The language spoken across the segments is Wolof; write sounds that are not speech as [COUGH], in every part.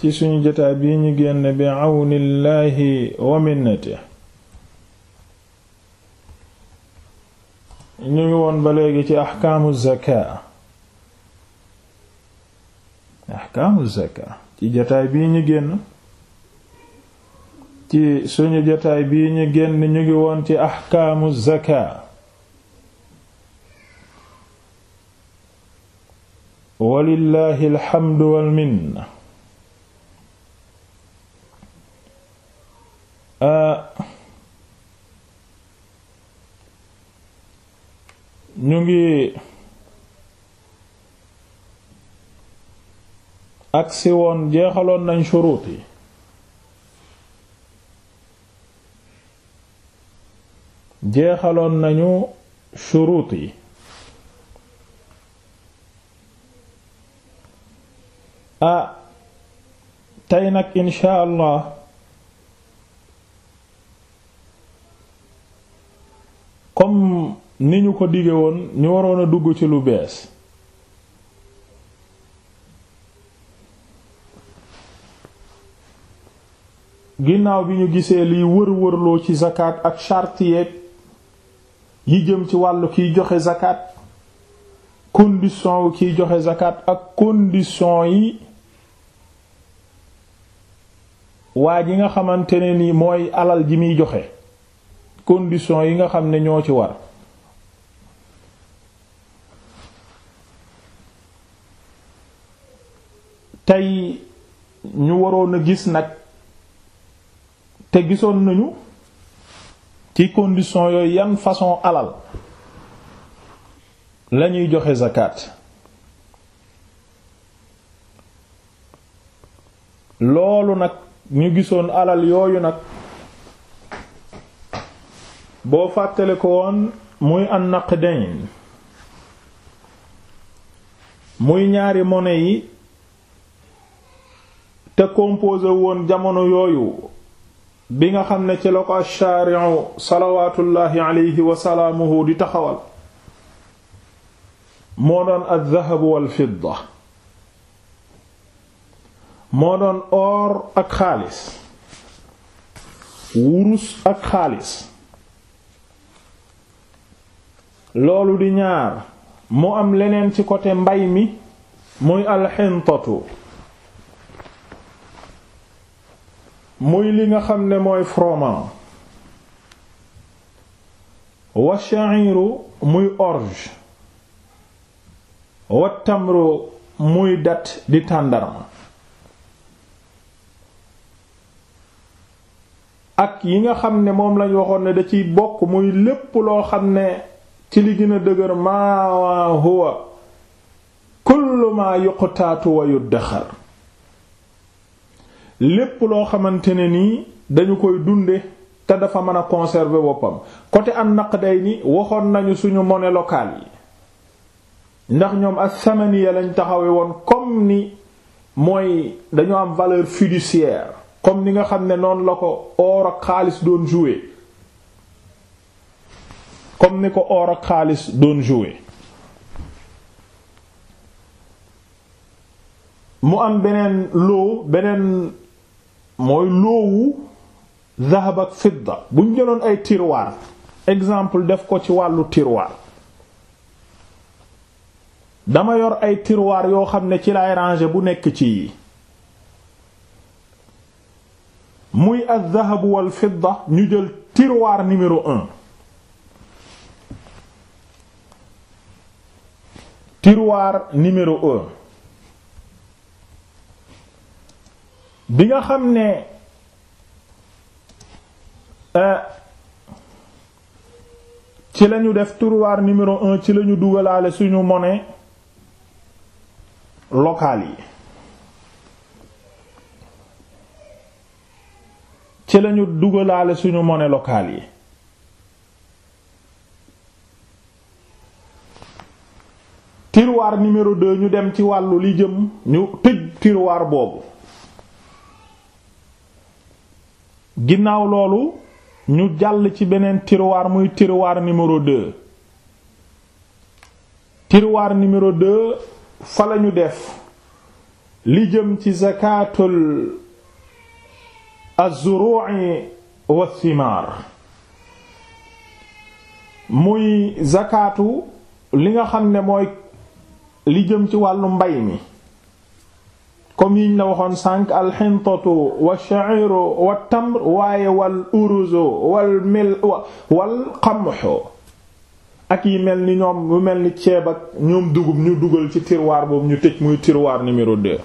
ci suñu jotaay bi ñu génn bi àwnillaahi wa minnati ñu ngi woon ba léegi ci axkaamu zakaa axkaamu zakaa ci jotaay bii ñu génn ci suñu jotaay bii ñu génn ñu ngi woon ci axkaamu zakaa walillahi alxamdu wal minna Euh, ñu ngi agsi woon jeexaloon nañ shuruut yi jeexaloon nañu shuruut yi ah tey nag insha allah ni ñu ko dige woon ñu waroon a dugg ci lu bees ginnaaw bi ñu gisee liy wër wërloo ci zakat ak charte yeeg yi jëm ci wàllu kiy joxe zakat condition wu kiy joxe zakat ak condition yi waa ji nga xamante ne ni mooy alal ji muy joxe condition yi nga xam ne ñoo ci war tey ñu waroon a gis nag te gisoon nañu ci condition yooyu yan façon alal lañuy joxe zakat loolu nag ñu gisoon alal yooyu nag boo fàttale ko woon muy an naqdayn muy ñaari monnaie yi te composé woon jamono yooyu bi nga xam ne ci la ko ash-shari'u salawatullahi alayhi di taxawal moo doon adh-dhahab wal-fidda moo doon or ak xaalis wurus ak xaalis loolu di ñaar mu am leneen ci côté mbay mi muy alxintatu muy li nga xam ne mooy froment wa muy orge wa muy dat di tàndarma ak yi nga xam ne moom lañ waxoon ne da ciy bokk muy lépp loo xam ne ci li gën a dëgër maa huwa kullu ma yuqtaatu wa yuddaxar lépp loo xamante ne nii dañu koy dunde te dafa mën a conserver boppam côté an naqdayni waxoon nañu suñu monnaie locale yi ndax ñoom as-samaniya lañ taxawee woon comme ni mooy dañu am valeur fiduciaire comme ni nga xam ne noonu la ko or ak xaalis doon jouer ko or xaalis doon jouer mu am beneen loo beneen mooy loowu zahab ak fidda bu jëloon ay tiroir exemple def ko ci wàllu tiroir dama yor ay tiroir yoo xam ne ci lay ranger bu nekk ci yi muy az-zahab wal fidda ñu jël tiroir numéro un tiroir numéro bi nga xam ne euh, ci lañu def tiroir numéro un ci lañu dugalaale suñu monnaie locale yi ci lañu dugalaale suñu monnaie yi tiroir numéro deux ñu dem ci wàllu li jëm ñu tëj tiroir boobu ginnaaw loolu ñu jàll ci beneen tiroir muy tiruwaar numéro 2 tiroir numéro 2 fa lañu def li jëm ci zakatul az-zuru'i muy zakatu li nga xam ne mooy li jëm ci wàllu mbay mi comme yiñ la waxoon sànq alxintatu wa sha'iru wa tamr waaye wal uruzu wal mil wal qamhu ak yi mel ni ñoom bu mel ni ceeb ak ñoom dugub ñu dugal ci tiroir boobu ñu tëj muy tiruwaar numéro 2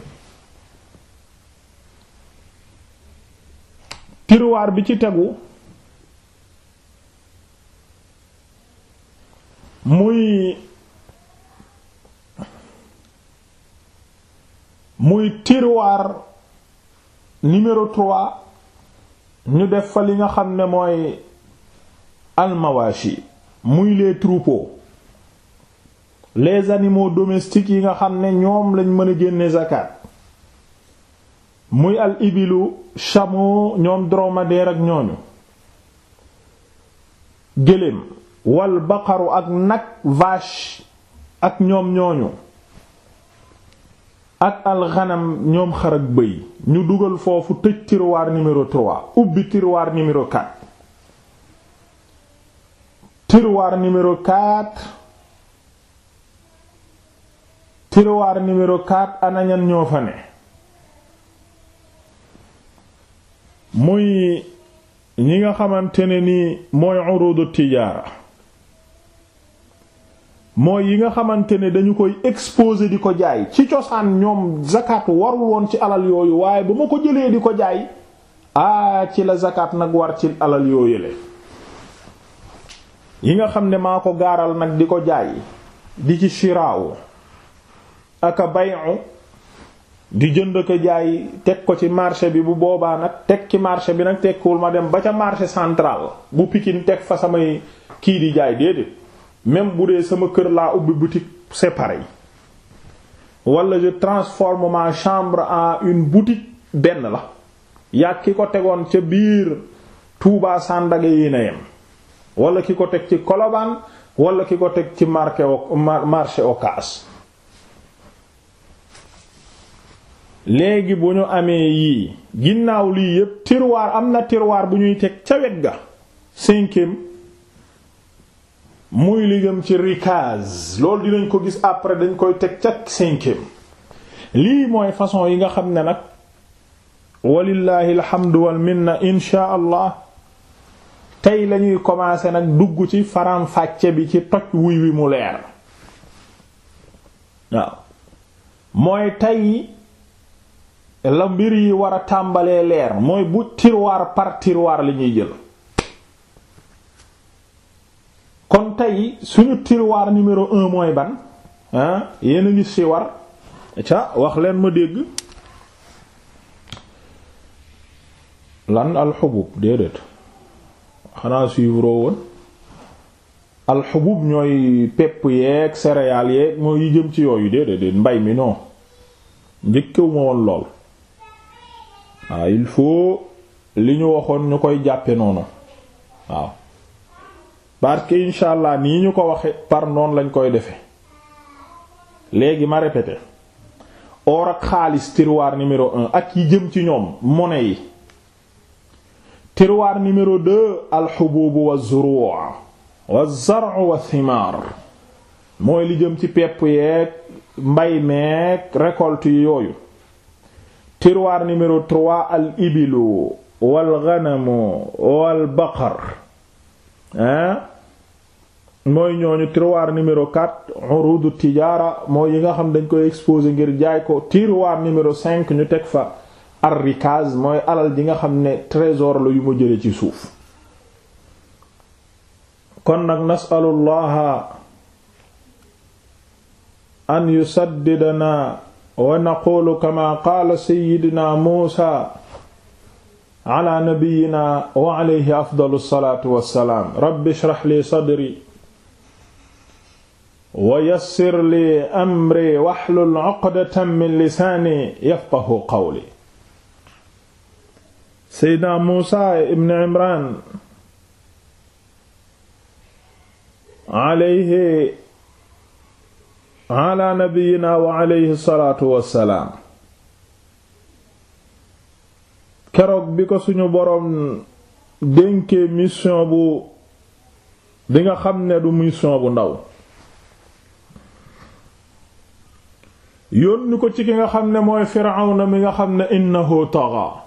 bi ci tegu muy muy tiruwaar numéro 3 ñu def fa li nga xam ne mooy almawashi muy les troupeaux les animaux domestiques yi nga xam ne ñoom lañ mën a génne zakat muy al ibilu chameau ñoom dromadaire ak ñooñu gëléem wal baqaru ak nag vache ak ñoom ñooñu ak alxanam ñoom xar ak bëy ñu dugal foofu tëj tiroir numéro 3 ubbi tiroir numéro 4 tiroir numéro 4 anañan ñoo fa ne muy ñi nga xamante ne ni mooy urudu tijaara mooy yi nga xamante ne dañu koy exposé di ko jaay ci cosaan ñoom zakat warul woon ci alal yooyu waaye bu ma ko jëlee di ko jaay aa ah, ci la zakat nag war ci alal yooyu le yi nga xam ne maa ko gaaral nag di ko jaay di ci shiraawu aka bayu di jënd ko jaay teg ko ci marché bi bu boobaa nag teg ci marché bi nag tekkiwul ma dem ba ca marché central bu Pikine teg fa samay kii di jaay déedéet même bu dee sama kër laa ubbi boutique c'est pareil wala je transforme ma chambre en une boutique benn la yàgg ki ko tegoon ca biir Touba Sandaga yi na yem wala ki ko teg ci Colobane wala ki ko teg ci marché marché léegi bu ñu amee yii ginnaaw lii yépp tiroir am na tiroir bu ñuy teg ca wet ga cinquième muy li jëm ci rikaz loolu dinañ ko gis après dañ koy teg ca cinquième lii mooy façon yi nga xam ne nag walillahi alhamdu wal minna insha allah tey lañuy commencer nag dugg ci faram-fàcce bi ci toj wuy wi mu leer waaw mooy tey la mbir yi war a tàmbalee leer mooy bu tiroir par tiroir lañuy jël kon tey suñu tiroir numéro un mooy ban ah yéen a ngi war ca wax leen ma dégg lan alxubub déedéet xanaa suivre woon alxubub ñooy pepp yeeg céréales yeeg mooy yi jëm ci yooyu déedéet mbay mi non njëkkew woon lool waaw ah, il faut li ñu waxoon ñu koy jàppe noonu waaw parce que incha allah nii ñu ko waxe par noonu lañ koy defe léegi ma répété or ak xaalis tiroir numéro un ak yi jëm ci ñoom monnaie yi tiroir numéro deux alxububu wa zuruu wa zaru wa thimar mooy li jëm ci pepp yeeg mbay meeg récolte yooyu tirwaar numéro trois al ibilu wal ghanamu wal baqar mooy ñooñu tiroir numéro 4 urudu tijaara mooy yi nga xam dañ koy exposé ngir jaay ko tiroir numéro 5 ñu teg fa arrikaz mooy alal ji nga xam ne trésor la yu ma jële ci suuf kon nag nasalullaha an yusaddidana wa naqulu kama qaala sayyidina Muusa ala nabiyyina wa alayhi afdalu salaatu wassalaam rabbi shrah li sadri wa yassir li amri wahlul uqdatan min lisaani yafqahu qawli seydna muusa ibn imran alayhi ala nabiyyina wa alayhi salaatu wassalaam keroog bi ko suñu boroom dénkee mission bu bi nga xam ne du mission bu ndaw yónni ko ci ki nga xam ne mooy Firawna mi nga xam ne innahu tagha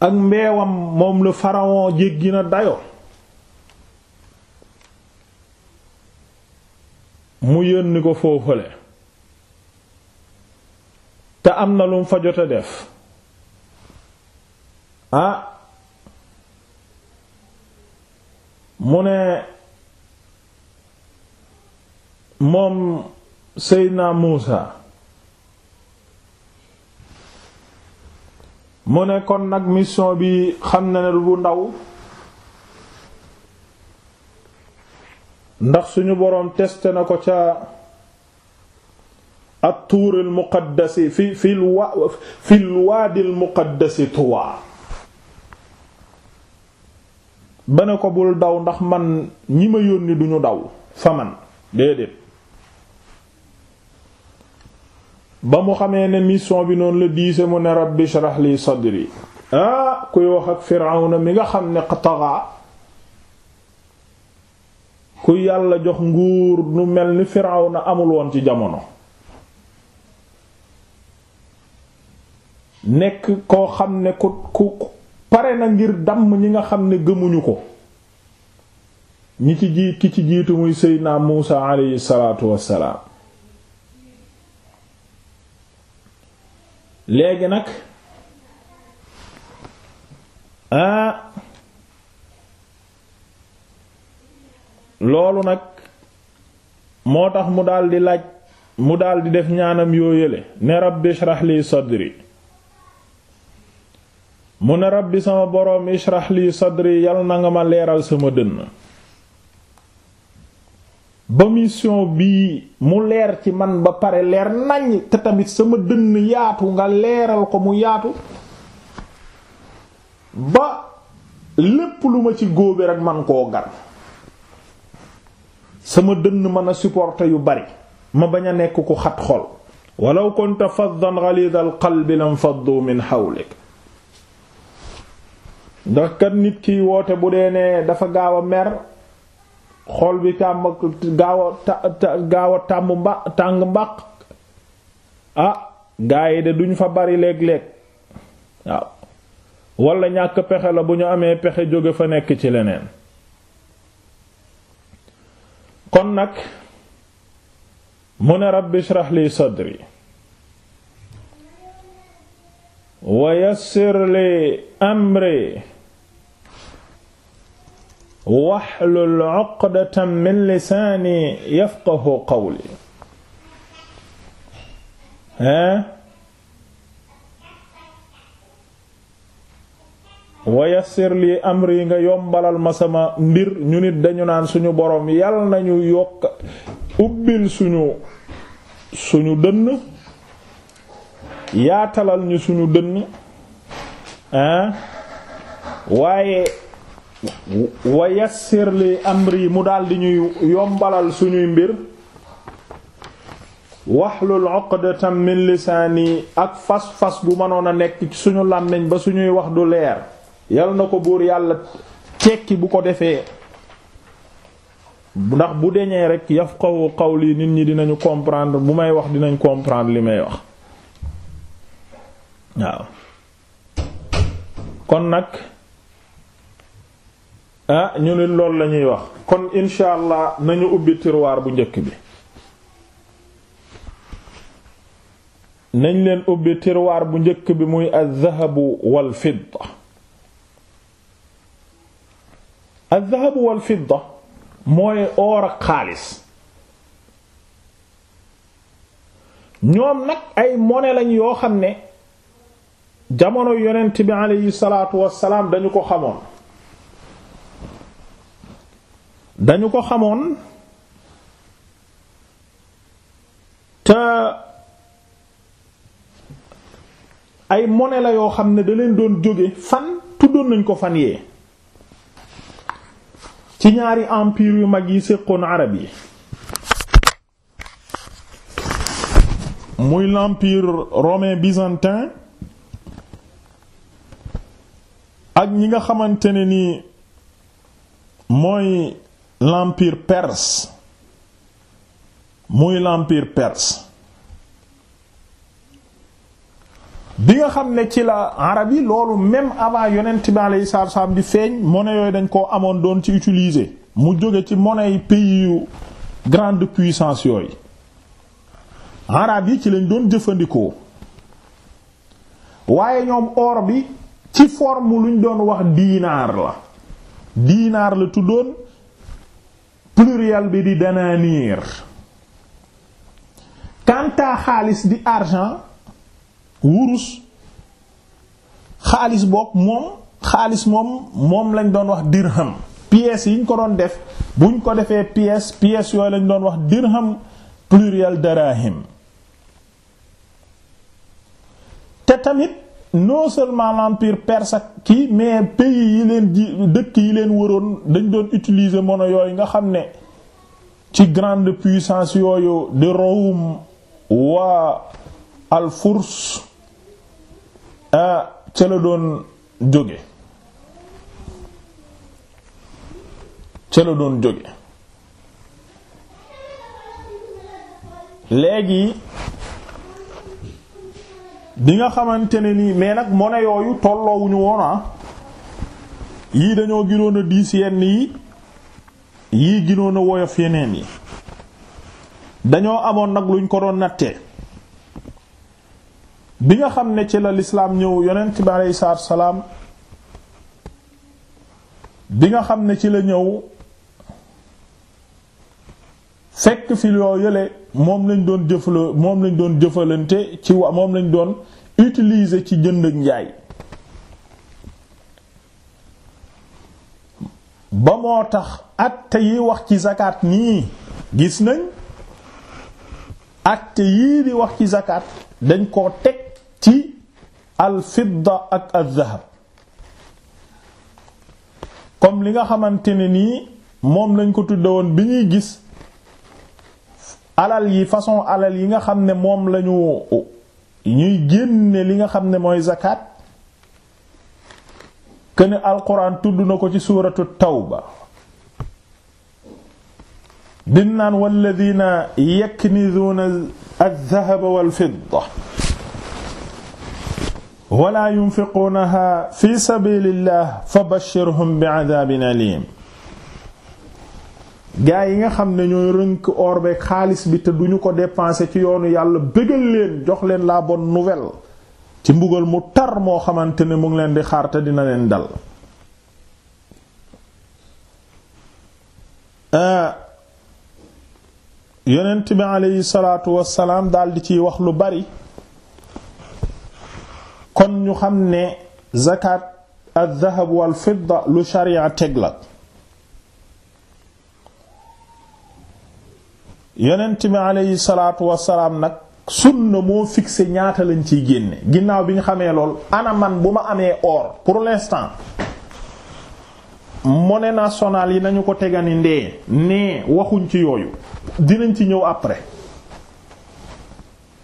ak mbeewam moom la pharaon jéggi na dayo mu yónni ko foofale te am na lum fa jot def ah mu ne moom Seydina Muusa mu ne kon nag mission bi xam na ne bu ndaw ndax suñu boroom teste na ko ca at-Tuur al-Muqaddas fi fi al-Waadi al-Muqaddas Tuwa ba ne ko bul daw ndax man ñi ma yónni duñu daw fa man déedéet ba mu xamee ne mission bi noonu la diise mu ne rabbi shrah li sadri ah kuy wax ak firawna mi nga xam ne taxaa ku yàlla jox nguur nu mel ni na amul woon ci jamono nekk koo xam ne ku ku pare na ngir damm ñi nga xam ne gëmuñu ko ñi ci jiit ki ci jiitu muy seydna Muusa aleyhi salaatu wassalaam léegi nag ah loolu nag moo tax mu daldi laaj mu daldi def ñaanam yoo yële ne rabbi shrah li sadri mu ne rabbi sama boroom ishrax lii sadri yal na nga ma leeral sama dënn ba mission bii mu leer ci man ba pare leer naññ te tamit sama dënn yaatu nga leeral ko mu yaatu ba lépp lu ma ci góobe rekk man koo gar sama dënn mën a supporter yu bari ma bañ a nekk ku xat xol walla kunta faddan ghalidal qalbi lam faddu min hawlik ndax kat nit kiy woote bu dee ne dafa gaaw a mer xool bi tàmm gaaw a gaaw a tàmm mbàq tàng mbaq ah gaa yi de duñ fa bari léeg-léeg waaw wala ñàkk pexe la bu ñu amee pexe jóge fa nekk ci leneen kon nag mu ne rabbi shrah li sadri wa yassir li waxlul uqdatan min lisaani yafqahu qawli hein wayassir li amri nga yombalal ma sama mbir ñu nit dañu naan suñu borom yal nañu yokk ubbil suñu suñu dënn yaatalal ñu suñu dënn waaye wa yassir li amri mu daldi ñuy yombalal suñuy mbir waxlul uqdatam min lisaani ak fas-fas bu mënoon a nekk ci suñu làmmiñ ba suñuy wax du leer yal na ko buur yàlla tekki bu ko defee ndax bu deñee rek yafqahu lii nit ñi dinañu comprendre bu may wax dinañ comprendre li may wax waaw kon nag ah ñu ne loolu la ñuy wax kon incha allah nañu ubbi tiroir bu njëkk bi nañ leen ubbi tiroir bu njëkk bi muy az-zahabu wal fidda az-zahabu wal fidda mooy or ak xaalis ñoom nag ay monnaie lañ yoo xam ne jamono yonent bi aleyhi salaatu salaam dañu ko xamoon dañu ko xamoon te ay mone yoo xam ne da leen doon jóge fan tuddoon nañ ko fan yee ci ñaari empire yu mag yi séqoon arab yi muy l'empire romain byzantin ak ñi nga xamante ne ni mooy l'empire perse muy l'empire perse bi nga xam ne ci la arab yi loolu même avant yonent bi alayhi salaatu wasallam di feeñ monnaie yooyu dañ koo amoon doon ci utiliser mu jóge ci monnaie pays yu grande puissance yooyu arab yi ci lañ doon jëfandikoo waaye ñoom or bi ci forme luñ doon wax diinaar la diinaar la tuddoon pluriel bi di dana danaaniir kanta xaalis di argent wurus xaalis boog moom xaalis moom moom lañ doon wax dirham pièces yi ñu ko doon def buñ ko defee pièces pièces yooyu lañ doon wax dirham plurial darahim te tamit non seulement l'empire perse ak kii mais pays yi leen dëkk yi leen waroon dañ doon utiliser mono yooyu nga xam ne ci grande puissance yooyu di Rome waa al-Furs ah ca la doon jóge ca la doon jóge léegi bi nga xamante ne nii mais nag monnaie yooyu tolloowuñu woon ah. yii dañoo ginoon a diis yenn yi yii gënoon a woyof yeneen yi dañoo amoon nag luñ ko doon nattee bi nga xam ne ci la lislaam ñëw yonent bi aleyhi salaatu wa salaam bi nga xam ne ci la ñëw fekk fi yoo yële moom lañ doon jëfloo moom lañ doon jëfalante ci wa moom lañ doon utiliser ci jënd ak njaay ba moo tax atte yi wax ci zakat nii gis nañ atte yii di wax ci zakat dañ koo teg ci al fidda ak al zahab comme li nga xamante ne nii moom lañ ko tudda woon bi ñuy gis alal yi façon alal yi nga xam ne moom lañu ñuy génne li nga xam ne mooy zakat këne alquran tudd na ko ci suuratu tawba bim naan walladina yaknizuuna aldahaba walfidda wala yunfiquunaha fi sabilillah fa bashirhum bi'adabin alim gaa yi nga xam ne ñooy rënk or xaalis bi te duñu ko dépenser ci yoonu yàlla bégal leen jox leen la bonne nouvelle ci mbugal mu tar moo xamante ne mu ngi leen di xaar te dina leen dal euh, yonent bi aleyhi salaatu wassalaam di ciy wax lu bari kon ñu xam ne zakat al-dhahab wal fidda lu sharia teg la yonent bi aleyhi salaatu wasalaam nag sunna moo fixé ñaata lañ ciy génne ginnaaw bi ñu xamee lool ana man bu ma amee or pour l'instant monnaie nationale yi nañu ko tegani ndee nee waxuñ ci yooyu dinañ ci ñëw après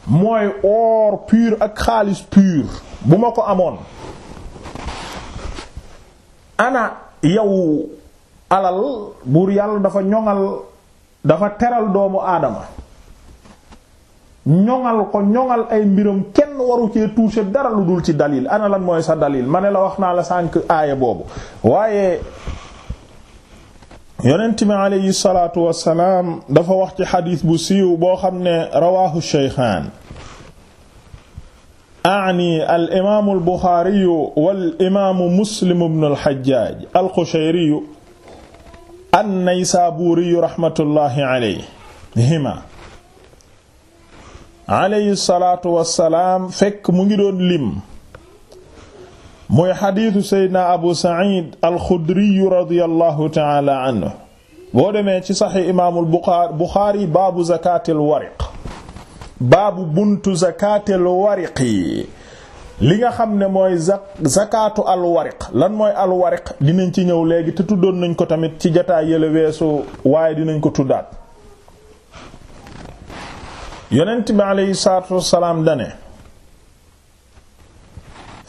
mooy or pur ak xaalis pur bu ma ko amoon ana yow alal buur yàlla dafa ñoŋal dafa teral doomu aadama ñoŋal ko ñoŋal ay mbiram kenn waru cee toucher dara lu dul ci dalil ana lan mooy sa dalil ma ne la wax naa la sànq aaya boobu waaye yonent mi aleyhi salaatu wassalaam dafa wax ci xadiis bu siiw boo xam ne rawaahu shaykhaan ani al imaamu al buxaariyu muslim ibn al xajjaaj an-Naysaburi rahmatullahi alayhima alayhi salaatu wassalaam fekk mu ngi doon lim muy xadiisu seydna abu said alxudriyu radiallahu taala anhu boo demee ci saxi imaamul buxaari baabu zakaatil wariq baabu buntu zakaatil wariqi li nga xam ne mooy zakaatu alwariq lan mooy alwariq dinañ ci ñëw léegi te tuddoon nañ ko tamit ci jataay yële weesu waaye dinañ ko tuddaat yonent bi aleyhi salaatu wassalaam dane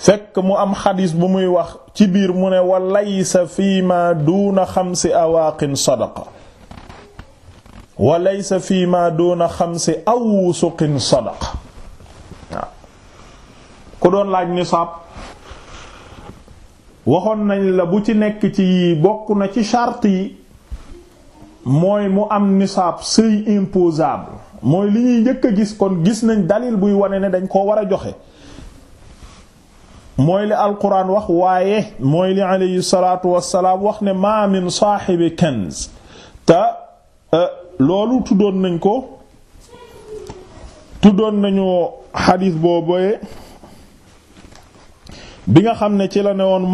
fekk mu am xadis bu muy wax ci biir mu ne wa laysa fii ma duuna xamsi awaaqin sadaqa wa laysa fii ma duuna xamsi awsuqin sadaqa doon laaj nisaab waxoon nañ la bu ci nekk ci bokk na ci charte yi mooy mu am nisaab seuil imposable mooy li ñuy njëkk a gis kon gis nañ dalil buy wone ne dañ koo war a joxe mooy li alquran wax waaye mooy li alayhi salatu wassalaam wax ne ma min saaxibi kanz te e, loolu tuddoon nañ ko tuddoon nañu xadiis boobee bi nga xam ne ci la ne woon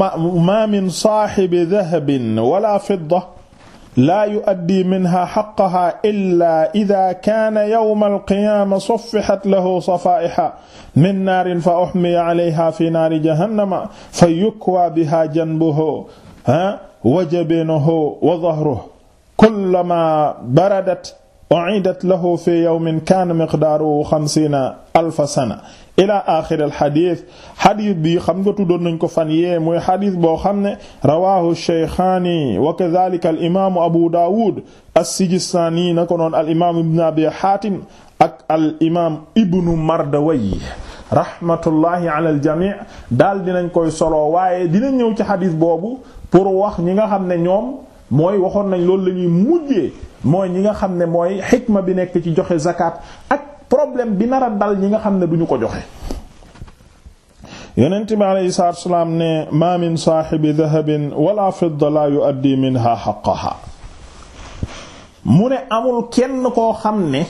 ma min saaxibi dahabin wala fidda laa yuaddi minha xaqaha illa ida kaana yowma alqiyaama sufixat lahu safaa'iha min naarin fa uxmiya alayha fi naari jahannama fa yukwaa biha janbuhu wa jabinuhu wa dahruhu kullamaa baradat u'idat lahu fi yawmin kaana miqdaaruhu xamsiina alfa sana ila axir al xadis xadis bi xam nga doon nañ ko fan yee mooy xadis boo xam ne rawahu shaykhaani wa kadhalika al imaamu abu daawud as-sijistaani na ko noon al imaam ibn abi ak al imaam ibnu mardawayh rahmatullahi ala al jamii daal dinañ koy solo waaye dina ñëw ci xadis boobu pour wax ñi nga xam ne ñoom mooy waxoon nañ loolu la ñuy mujjee mooy ñi nga xam ne mooy xikma bi nekk ci joxe zakat problème bi nar dal ñi nga xam ne duñu ko joxe yonent bi aleyhi salaatu ne ma min saaxibi dahabin wala fidda la yuaddi minha xaqaha mu ne amul kenn koo xam ne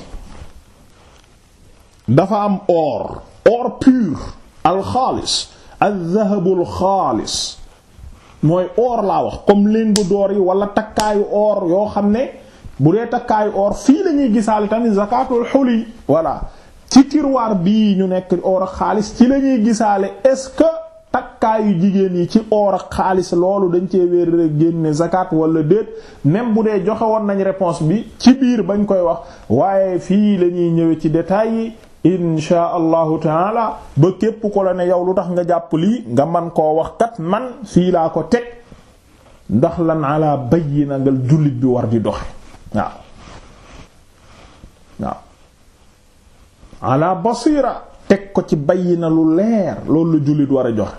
dafa am or or pur alxaalis aldahabu alxaalis mooy or laa wax comme lingot d'or yi wala takkaayu or yoo xam ne bu dee takkaayu or fii lañuy ñuy gisaale tamit zakatul xuli voilà ci tiroir bi ñu nekk or xaalis ci lañuy ñuy gisaale est-ce que takkaayu jigéen yi ci or xaalis loolu dañ cee wéer génne zakat wala déet même bu dee joxe woon nañ réponse bi ci biir bañ koy wax waaye fii lañuy ñëwee ci détails yi insha allahu taala ba képp ko la ne yow lu tax nga jàpp lii nga man koo wax kat man fii laa ko teg ndax lan ala bayyi na nga jullit bi war di doxe waaw waaw ala basira teg ko ci bayyina lu leer loolu jullit war a joxe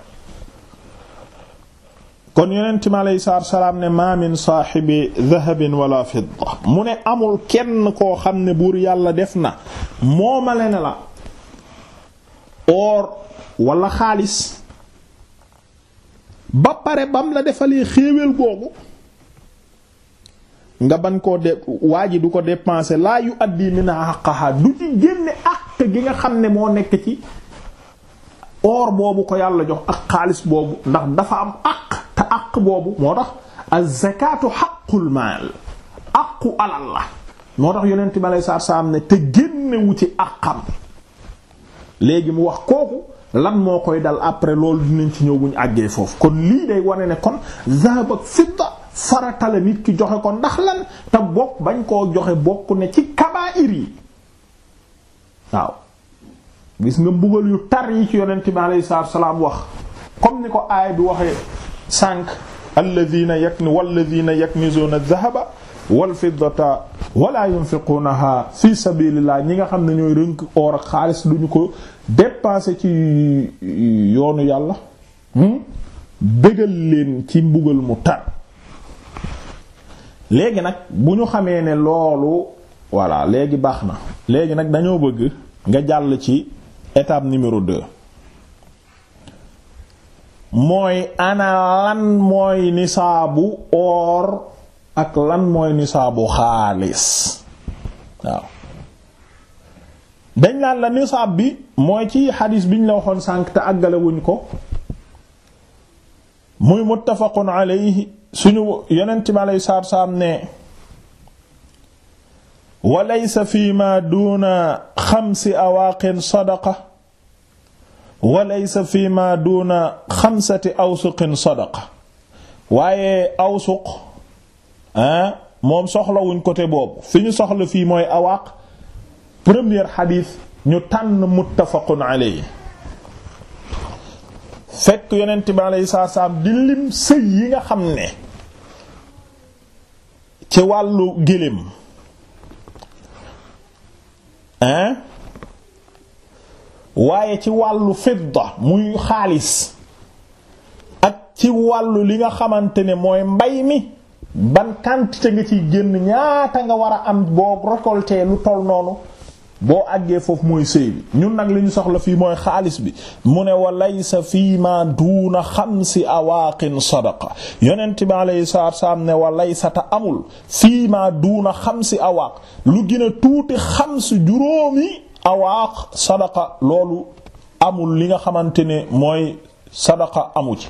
kon yonent mi aleyhi salaam ne ma min saaxibi dahabin wala fidda mu ne amul kenn koo xam ne buur yàlla def na moomale na la or wala xaalis ba pare bam la defalee xéewél googu nga ban koo de waa ji du ko dépenser laa yu addi min haqqaha du ci génne àq gi nga xam ne moo nekk ci or boobu ko yàlla jox ak xaalis boobu ndax dafa am àq te àq boobu moo tax az-zakatu haqqul maal àqu alal la moo tax yonent bi alei satu salaam ne te génnewu ci àqam léegi mu wax kooku lan moo koy dal après loolu dinañ ci ñëw buñ àggee foofu kon lii day wane ne kon zahab ak fidda faratale nit ki joxe ko ndax lan te bokk bañ koo joxe bokk ne ci kabaa'ir yi waaw gis nga mbugal yu tar yi ci yonent bi alayhi salaatu salaam wax comme ni ko aay bi waxee sànq alladhina yakn walladhina yaknizuna adh-dhahaba wal-fiddata wala yunfiqunaha fi sabilillah ñi nga xam ne ñooy rënk or ak xaalis duñu ko dépenser ci yoonu yàlla hmm? bégal leen ci mbugal mu tar léegi nag bu ñu xamee ne loolu voilà léegi baax na léegi nag dañoo bëgg nga jàll ci étape numéro 2 mooy ana lan mooy nisaabu or ak lan mooy nisaabu xaalis waaw dañ naan la nisaab bi mooy ci xadis biñ la waxoon sànq te àggalewuñ ko muy muttafaqun alayhi suñu yonent bi aleyhi salaatu salaam ne wa laysa fi ma duuna xamsi awaaqin sadaqa wa laysa fi ma duuna xamsati awsuqin sadaqa waaye awsuq ah moom soxlawuñ côté boobu fi ñu soxla fii mooy awaaq premier xadiis ñu tànn muttafaqun aleyhi fekk yonent bi alayhi salaam di lim sëy yi nga xam ne ci wàllu géléem hein waaye ci wàllu fidda muy xaalis ak ci wàllu li nga xamante ne mooy mbay mi ban quantité nga ciy génn ñaata nga war a am boo récolté lu toll noonu boo àggee foofu mooy sëy bi ñun nag lañu ñu soxla fii mooy xaalis bi mu ne wa laysa fii ma duuna xamsi awaaqin sadaqa yonent bi alayhi saa wassalaam ne wa laysa amul fii ma duuna xamsi awaaq lu gën a tuuti xamsi juróomi awaaq sadaqa loolu amul li nga xamante ne mooy sadaqa amu ci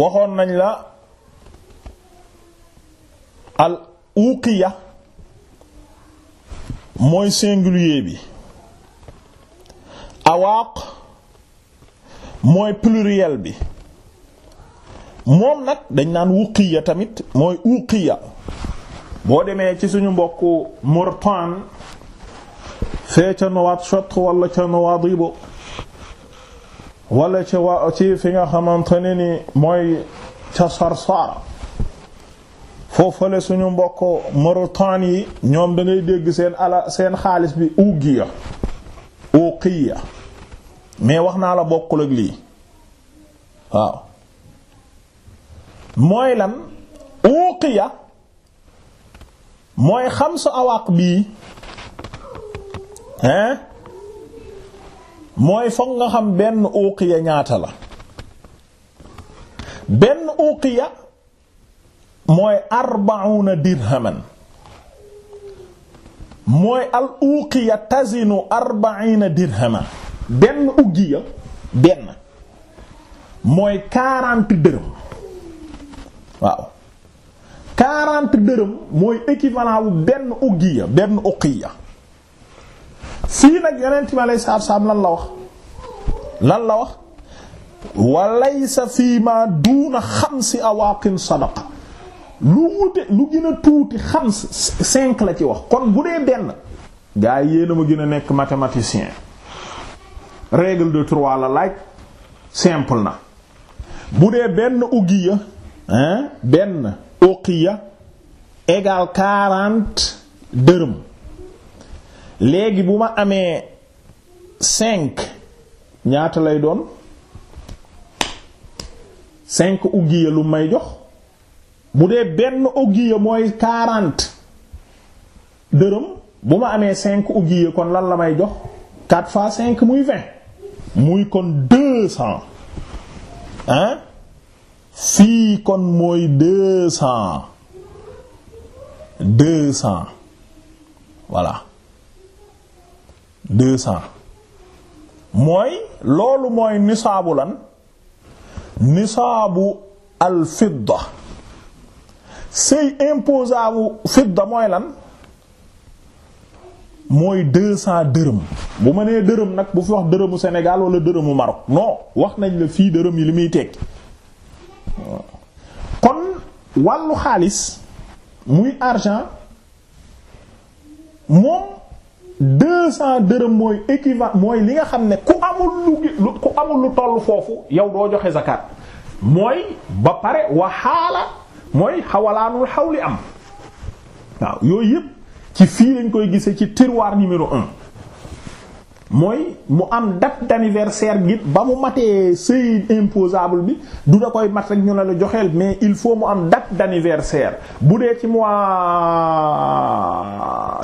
waxoon nañ la al uqiya mooy singulier bi awaaq mooy pluriel bi moom nag dañ naan wuqiya tamit mooy uqiya boo demee ci suñu mbokku Mauritanie fee ca Nouakchott wala ca Nouadhibou wala ca waa ci fi nga xamante ne ni mooy ca Sarsara foofale suñu mbokk Mauritanie yi ñoom da ngay dégg seen ala seen xaalis bi ugiya uqiya mais wax naa la bokkul ak lii waaw mooy lan uqiya mooy xam su awaq bii hein mooy foog nga xam benn uqiya ñaata la benn uqiya mooy arbauna dirhaman mooy al uqiya tazinu arbaina dirhaman benn uqiya benn mooy quarante dërëm waaw quarante dërëm mooy équivalent wu benn uqiya benn uqiya fii nag yonent mi alayhi salaatu salaam lan la wax lan la wax walaysa fii ma duuna xamsi awaqin sadaqa lu wute lu gën tuuti xams cinq la ci wax kon bu dee benn gaa yi yéena ma gën a nekk mathématicien règle de trois la laaj simple na bu dee benn ugiya hein benn uqiya égal quarante dërëm léegi bu ma amee cinq ñaata lay doon cinq ugiya lu may jox mu dee benn ogiya mooy quarante dërëm bu ma amee cinq ogiya kon lan la may jox quatre fois cinq muy vingt muy kon deux cents hein fii kon mooy deux cents deux voilà deux cents mooy loolu mooy nisaabu lan nisaabu al fidda sëy imposable fidda mooy lan mooy deux cents dërëm bu ma nee dërëm nag bu fi wax dërëmu senegal walla dërëmu Maroc non wax nañ la fii dërëm yi li muy tekki kon wàllu xaalis muy argent moom deux cents dërëm mooy équivalent mooy li nga xam ne ku amul lu ku amul lu toll foofu yow doo joxe zakat mooy ba pare waxaala mooy xawalaanul xawli am waaw yooyu yëpp ci fii lañ koy gise ci tiroir numéro un mooy mu am date d'anniversaire gi ba mu matee seuil imposable bi du da koy mat rek ñu ne la joxeel mais il faut mu am date d'anniversaire bu dee ci mois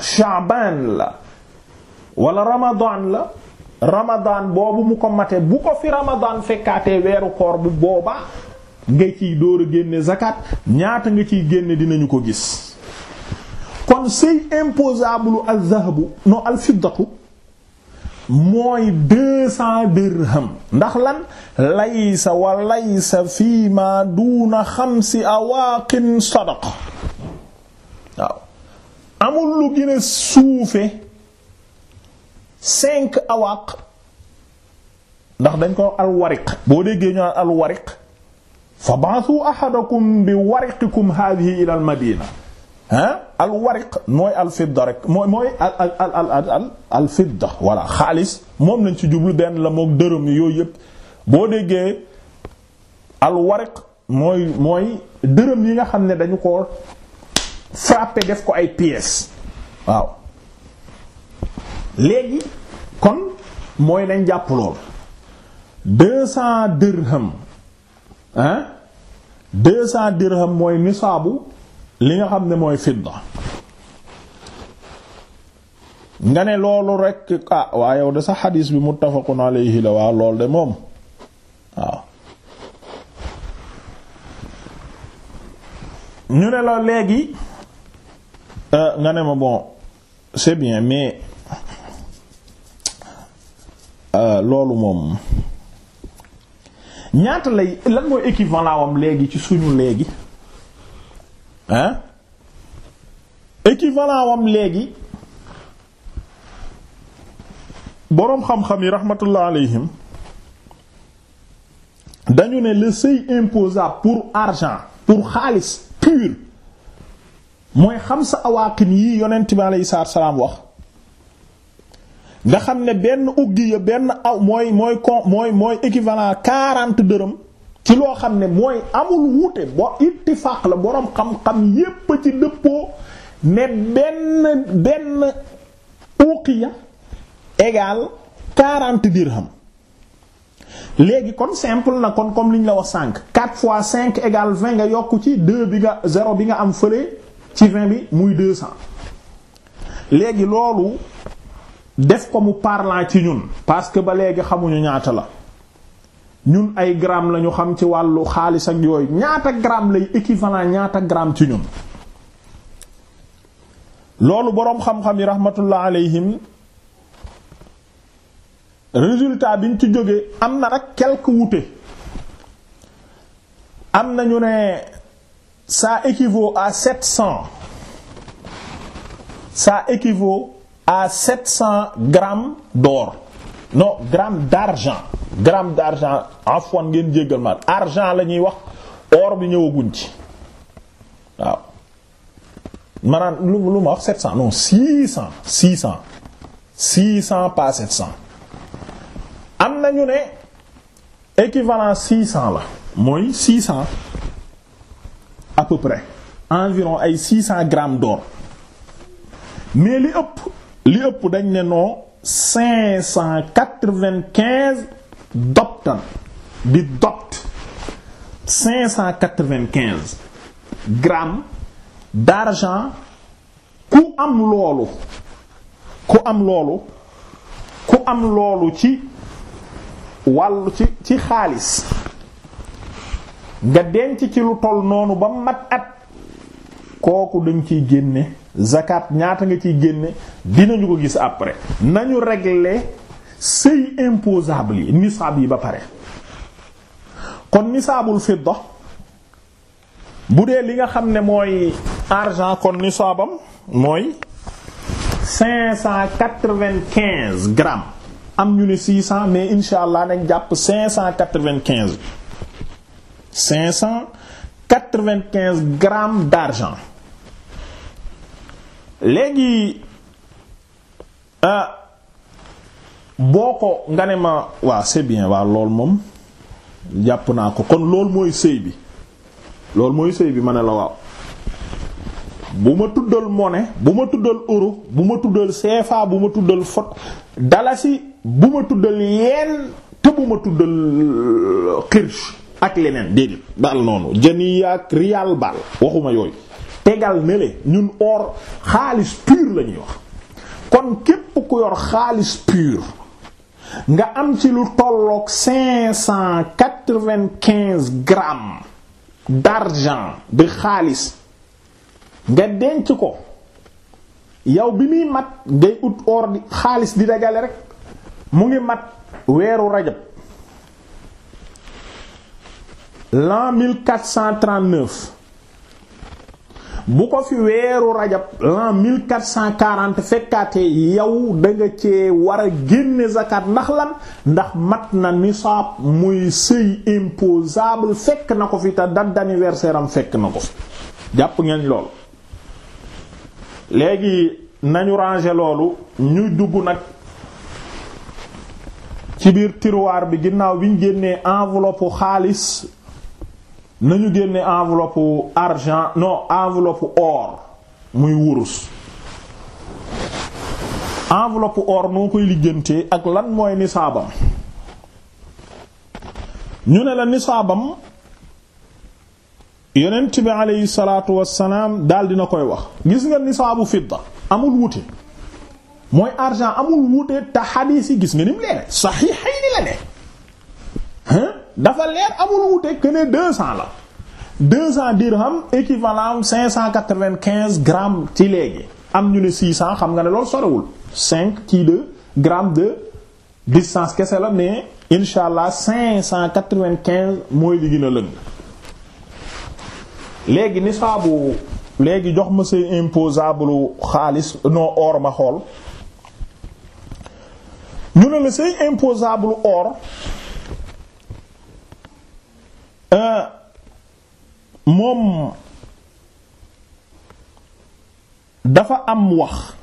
Chaban la wala Ramadan la Ramadan boobu mu ko matee bu ko fi Ramadan fekkaatee weeru koor bu boobaa nga ciy door a génne zakat ñaata nga ci génne dinañu ko gis kon sëy imposable al zahabu non al fiddatu mooy deux cents dirham ndax lan laysa wa laysa fii ma duuna xamsi awaaqin sadaqa waaw amul lu gën suufe cinq awaaq ndax dañ ko alwariq boo déggee ñu alwariq fa ba'thu ahadakum bi wariqikum hadhihi ila al madina ah al wariq mooy al fidda rek mooy mooy al al al al al al fidda voilà xaalis moom lañ ci jublu benn la mook dërëm yooyu yëpp boo déggee al wariq mooy dërëm yi nga xam ne dañu ko frappé def ko ay pièces waaw léegi kon mooy nañ jàpp lool deux cents dirham hein deux cent dirham mooy nisaabu li nga xam ne mooy fidda nga ne loolu rek ah waa yow de sa xadiis bi muttafaqun alayhi la waa lool de moom waaw ñu ne la léegi euh, nga ne ma bon c'est bien mais euh, loolu moom ñaata lay lan mooy équivalent wam léegi ci suñu léegi hein équivalent wam léegi boroom xam-xam yi rahmatullah alayhim dañu ne le seuil imposable pour argent pour xaalis pur mooy xam sa awaakin yi yonent bi alayhi salaam wax nga xam ne benn uggi ya benn aw mooy mooy con mooy mooy équivalent quarante dërëm ci loo xam ne mooy amul wuute ba ittifaq la boroom xam-xam yépp ci dëppoo ne benn benn uqiya égal quarante dirham léegi kon simple na kon comme liñ la wax cinq quatre fois cinq égale vingt nga yokk ci deux bi nga zéro bi nga am fële ci vingt bi muy deux cents léegi loolu def ko mu parlant ci ñun parce que ba léegi xamuñu ñaata la ñun ay gramme lañu xam ci wàllu xaalis ak yooyu ñaata gramme lay équivalent ñaata gramme ci ñun loolu boroom xam-xam yi rahmatullah alayhim résultat biñ ci jógee am na rek quelque wuute am na ñu ne sa équivaut à sept cents sa équivaut à gramme door d'or non gramme d'argent gramme d'argent afwan ngeen jéggal ma argent la ñuy wax or bi ñëwaguñ ci waaw maanaam lu lu ma wax 700 non 600 600 600 pas 700 am nañu ne équivalent 600 la mooy 600 à peu près environ ay 600 grammes d'or mais li ëpp li ëpp dañ ne noo cinq cent quatre vingt doptan bi dopt cinq cent quatre vingt d'argent ku am loolu ku am loolu ku am loolu ci wàllu ci ci xaalis nga denc ci lu toll noonu ba mat at kooku dañ ciy génne zakat ñaata nga ciy génne dinañu ko gis après nañu régler seuil imposable yi nisaab yi ba pare kon nisaabul fidda bu dee li nga xam ne mooy argent kon nisaabam mooy cinq cent quatre-vingt-quinze am ñu ne mais insha allah nañ jàpp cinq cent quatre cent quatre-vingt-quinze d'argent léegi ah, boo ko nga ne ma waa c'est bien waa lool moom jàpp naa ko kon loolu mooy sëy bi loolu mooy sëy bi ma ne la waaw bu ma tuddal mone bu ma tuddal euro bu ma tuddal CFA bu ma tuddal fot dalasi bu ma tuddal yeen te bu ma tuddal euh, kirsch ak leneen déedéet. baal noonu jëni yaak rial baal waxuma yooyu tegal ne le ñun or xaalis pur la wax kon képp ku yor xaalis pur nga am ci lu tollook cinq cent quatre-vingt-quinze d'argent de xaalis nga denc ko yow bi muy mat ngay ut or xaalis di dajale rek mu ngi mat weeru rajab l'an bu ko fi weeru rajab l'an 1440 fekkaate yow danga nga cee war a génne zakat ndax lan ndax mat na nisaab muy sëy imposable fekk na ko fi te date d'anniversaire am fekk na ko fi jàpp ngeen lool léegi nañu range loolu ñu dugg nag ci biir tiroir bi ginnaaw bi ñu génnee enveloppe xaalis nañu génne enveloppe argent non enveloppe or muy wurus enveloppe or noo koy lijjantee ak lan mooy nisaabam ñu ne la nisaabam yonent bi aleyhi salaatu wassalaam daal dina koy wax gis nga nisaabu fidda amul wuute mooy argent amul wuute te xadiis gis nga ni mu leere saxiixayni la ne dafa leer amul wute que ne cent la deux cent dirham équivalent cinq cent quatre-vingt-quinze ci léegi am ñu ne six xam nga ne loolu sorewul cinq kii de grammes de distance kese la mais incha allah cinq cent quatre-vingt-quinze mooy li gën a lëng léegi nisaabu léegi jox ma seen imposable xaalis non or ma xool ñu ne la seen imposable or Euh, moom dafa am wax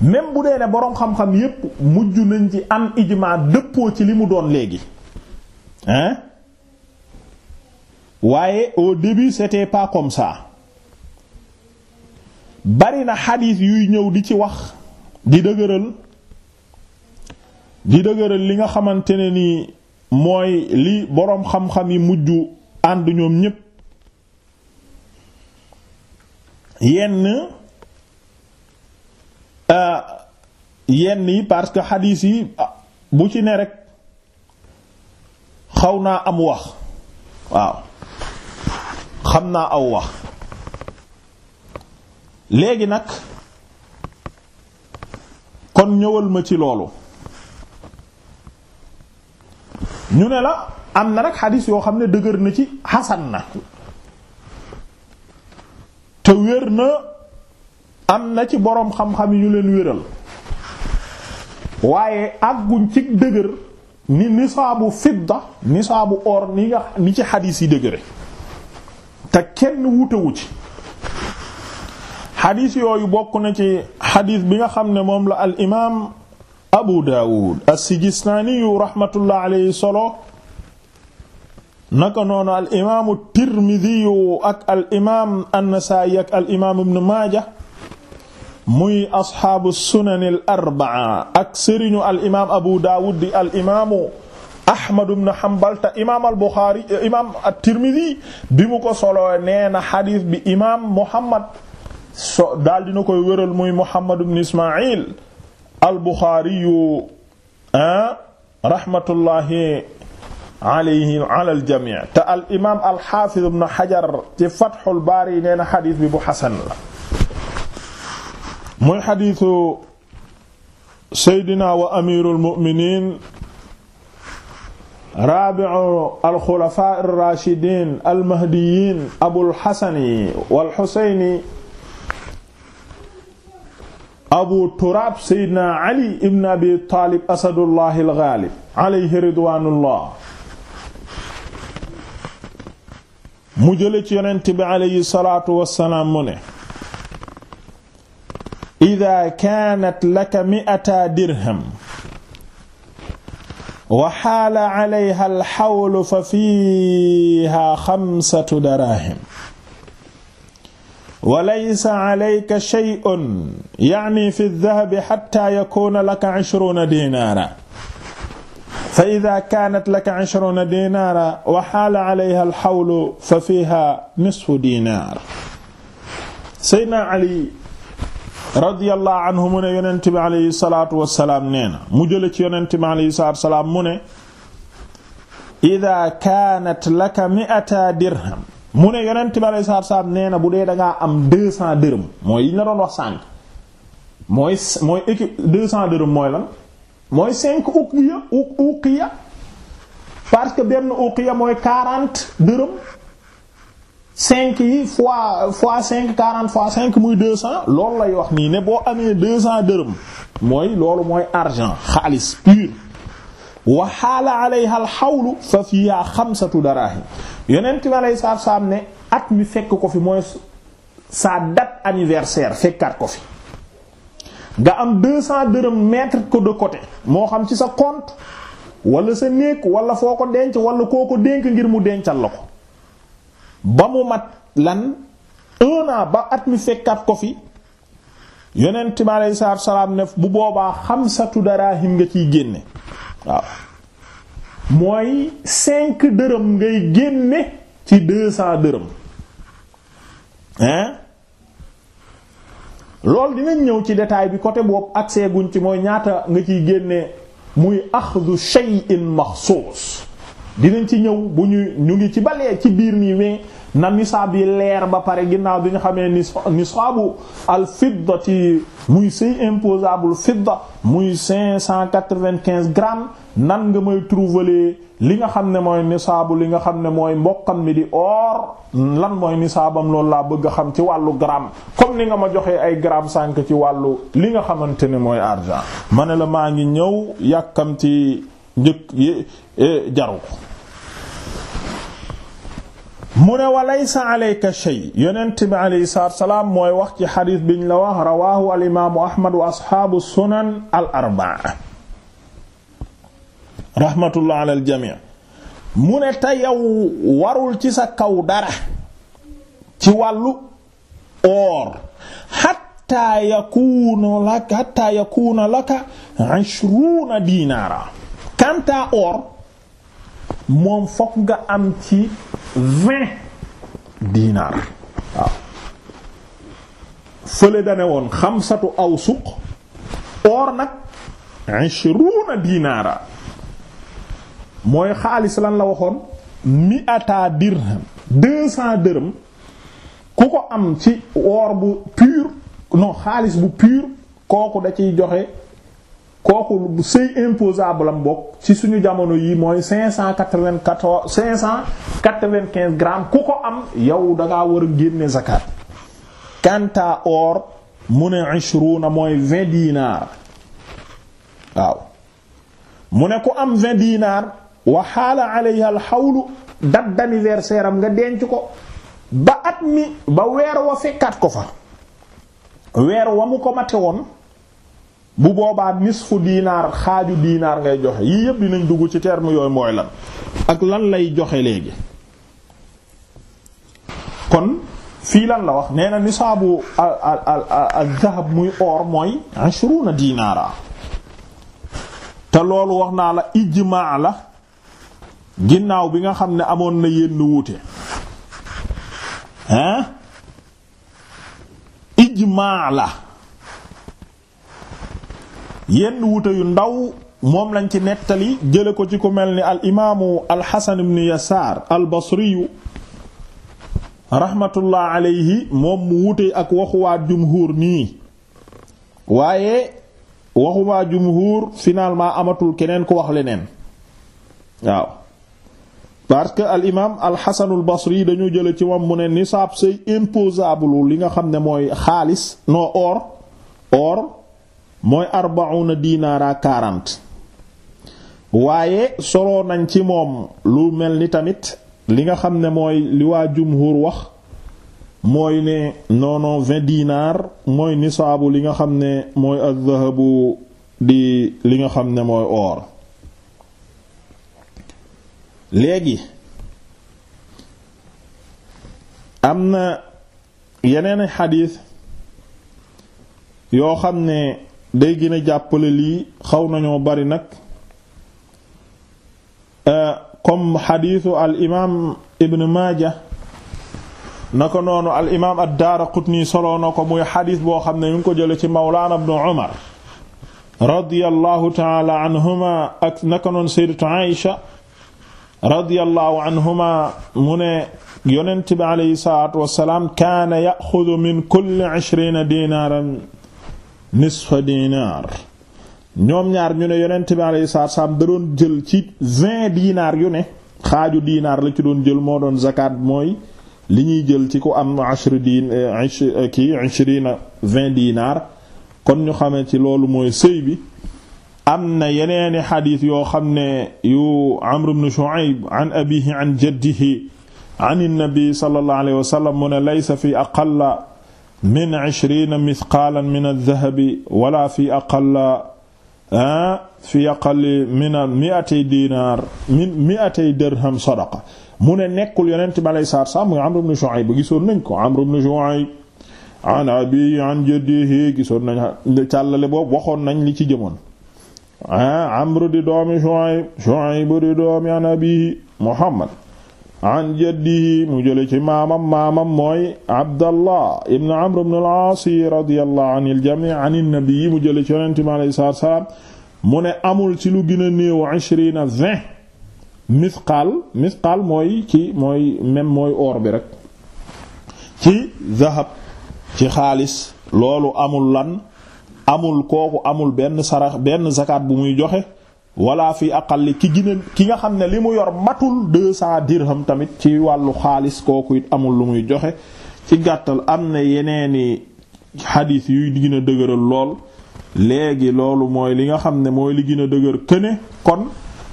même bu dee ne boroom xam-xam yépp mujj nañ ci am ijmaa dëppoo ci li mu doon léegi waaye au début c'était pas comme ça bari na xadiis yuy ñëw di ci wax di dëgëral di dëgëral li nga xamante ne nii mooy li boroom xam-xam yi mujj ànd ñoom ñépp yenn euh, yenn yi parce que xadiis yi ah, bu ci ne rekk xaw naa am wax waaw xam naa aw wax léegi nag kon ñëwal ma ci loolu ñu ne la am na nag xadis yoo xam ne dëgër na ci xasan na te wér na am na ci boroom xam-xam yi ñu leen wéral waaye àgguñ ci dëgër ni nisaabu fidda nisaabu or ni nga ni ci xadis yi dëgëre te kenn wutewu ci xadis yooyu bokk na ci xadis bi nga xam ne moom la al abu daawud as-sijistaaniyu raxmatullah alayhi solo naka noonu al imaamu al imaam ak al imaam ibn maaja al arbaa al imaam abu daawud di al imaamu ahmad al buxaari imaam solo nee na bi imaam muhammad so daal dina koy wéral muy muhammad ibn ismaayil albuxaariyu ah rahmatullahi alayhi ala aljami te al imaam alxaafiz ibn xajar ci fatxul baari nee na xadiis bi bu xasan la muy xadiisu saydina wa amirul mu'minin raabi'u alxulafaa ar-raashidiin al-mahdiyyiin abul xasani wal xuseyni abu turaab seydna ali ibn abi taalib asadullahi algaalib alayhi ridwaanullah mu jële ci yonent bi alayhi salaatu wassalaam mu ne ida kaanat laka mi'ata dirham wa xaala alayha alxawlu fa fiiha xamsatu daraahim wa laysa alayka shay'un ya'ni fi adh-dhahabi hatta yakuna laka 'ishruna dinara fa idha kanat laka 'ishruna dinara wa hala 'alayha al-hawlu fa fiha nisfu dinar Seydina Ali radiyallahu anhu mu ne yonent bi alayhi salaatu wassalaam nee na mu jële ci yonent bi alayhi salaatu wassalaam mu ne idha kanat laka mi'ata dirham mu ne yeneen bi alei salaatu salaam nee na bu dee da am deux cents dërëm mooy yi ñu doon wax sànq mooy mooy équipe deux cents dërëm mooy lan mooy cinq que benn uqiya mooy quarante dërëm cinq yi fois fois cinq quarante fois cinq muy deux cents loolu lay wax nii ne boo amee deux cents dërëm mooy loolu mooy argent xaalis pur wa xaala alayha al xawlu fa fiha xamsatu darahim yeneen bi aleyhi salaatu salaam ne at mi fekk ko fi mooy sa date anniversaire fekkaat ko fi nga am deux cents dërëm mettre ko de côté moo xam ci sa compte wala sa néeg wala foo ko denc wala koo ko dénk ngir mu dencal la ko ba mu mat lan un an ba at mi fekkaat ko fi yeneen bi aleyhi salaatu salaam ne bu boobaa xamsatu daraahim nga ciy génne waaw mooy cinq dërëm ngay génne ci deux cents dërëm hein loolu dinañ ñëw ci détail bi côté boobu accès guñ ci mooy ñaata nga ciy génne muy axdu max maxsuus dinañ ci ñëw bu ñu ñu ngi ci balee ci biir mii mais na nisaab yi leer ba pare ginnaaw bi nga xamee nisaabu al fiddati muy sëy imposable fidda muy cinq cent quatre-vingt-quinze nan nga may trouver li nga xam ne mooy nisaabu li nga xam ne mooy mbokkam mi di or lan mooy nisaabam loolu laa bëgg xam ci wàllu gramme comme ni nga ma joxe ay gramme sànq ci wàllu li nga xamante ne mooy argent ma ne la maa ngi ñëw yàkkamti njëkk eh, jaru ko mu ne walaysa alayka shay yonent bi alayhi salaatu salaam mooy wax ci xadiis biñ la wax rawaahu al imaamu ahmad wa asxaabu sunan al arbaa rahmatullah ala al jamii mu ne te yow warul ci sa kaw dara ci wàllu oor xatta yakuuna laka xatta yakuuna laka ishruuna diinaara kanta oor moom fokk nga am ci vingt dinaar waaw fële dane woon xamsatu awsuq or nag ishruuna dinaara mooy xaalis lan la waxoon mi'ata dirham deux cents dirham ku ko am ci or bu pur non xaalis bu pur kooku da ciy joxe kooku sëy imposable am bokk ci suñu jamono yii mooy cinq cent quatre-vingt-quatorze cinq grammes ku ko am yow dangaa war a génne zakat kanta or mu ne ishruna mooy dinaar waaw mu ne ku am vingt dinaar wa xaala alayha xawlu date d'anniversaire am nga denc ko ba at mi ba weer wa fekkaat ko fa weer wa mu ko mate woon bu boobaa nisfu diinaar xaaju diinaar ngay joxe yii yépp dinañ dugg ci terme yooyu mooy lan ak lan lay joxe léegi kon fii lan la wax nee na nisaabu al zahab muy or mooy ashruna diinaara te loolu wax naa la ijmaa la ginnaaw bi nga xam ne amoon na yenn wuute hein ijmaa la yenn wuute yu ndaw moom lañ ci nettali jële ko ci ku mel ni al imaamu alxasan ibn yasaar al basriyu rahmatullah alayhi moom mu wuute ak waxuwaa jumhuur nii waaye waxuwaa jumhuur finalement amatul keneen ku wax leneen waaw parce que al imaam alxasanul basri dañu jële ci moom mu ne nisaab say imposable li nga xam ne mooy xaalis non or or mooy arbauna dinaara 40 waaye soloo nañ ci moom lu mel ni tamit li nga xam ne mooy li waa jumhur wax mooy ne noonon dinaar mooy nisaabu li nga xam ne mooy az-zahabu di li nga xam ne mooy or léegi am na yeneen xadiis yoo xam ne day gën a jàppale lii xaw nañoo bari nag euh, comme xadiisu al imaam Ibn Maaja naka noonu al imaam ad na ko muy xadiis boo xam ne ñu ngi ko jële ci Mawlaana Ibn Umar radiyallahu taala anhuma ak naka noonu Sayyidatu Aïsha radiyallahu anhuma mu ne yonent bi alayhi salaatu wa salaam kaana ya'xudu min kulli ishriina diinaaran nisfa dinaar ñoom ñaar ñu ne yonent bi alayhi salaatu salaam da doon jël ci vingt dinaar yu ne xaaju dinaar la ci doon jël moo doon zakat mooy li ñuy jël ci ku am ashri din kii ishrina vingt dinaar kon ñu xamee ci loolu mooy sëy bi am na yeneeni xadiis yoo xam ne yu Amr ibn Shu'ayb an abihi an jaddihi an nabi sallallahu alayhi wa sallam mu ne laysa fi aqalla min ishrina mithqaalan min aldahabi wala fi aqalla ah, fi aqalli min miatay dinaar min miatay dirham sadaqa mu ne nekkul yonent bi alayhi salaatu salaam muy Amr ibn Shu'ayb gisoon nañ ko Amr ibn Shu'ayb an abiihi an jaddihi gisoon nañ càllale boobu waxoon nañ li ci jëmoon ah Amr di doomi Shu'ayb Shu'ayb di doomi an abiihi Muhammad an jaddihi mu jële ci maamam maamam mooy abdallah ibn amr ibn al-aas radiyallahu anil jami' mu jële ci yonente mi alayhi mu ne amul ci lu gën a néew ishrina vingt mooy ci mooy même mooy or bi rek ci zahab ci xaalis loolu amul lan amul kooku amul benn sarax benn zakat bu muy joxe wala fi aqalli ki gine ki nga xam ne li mu yor matul deux cent dirham tamit ci wàllu xaalis kooku amul lu muy joxe ci gàttal am na yeneeni xadiis yuy gën a dëgëral lool léegi loolu mooy li nga xam ne mooy li gën dëgër këne kon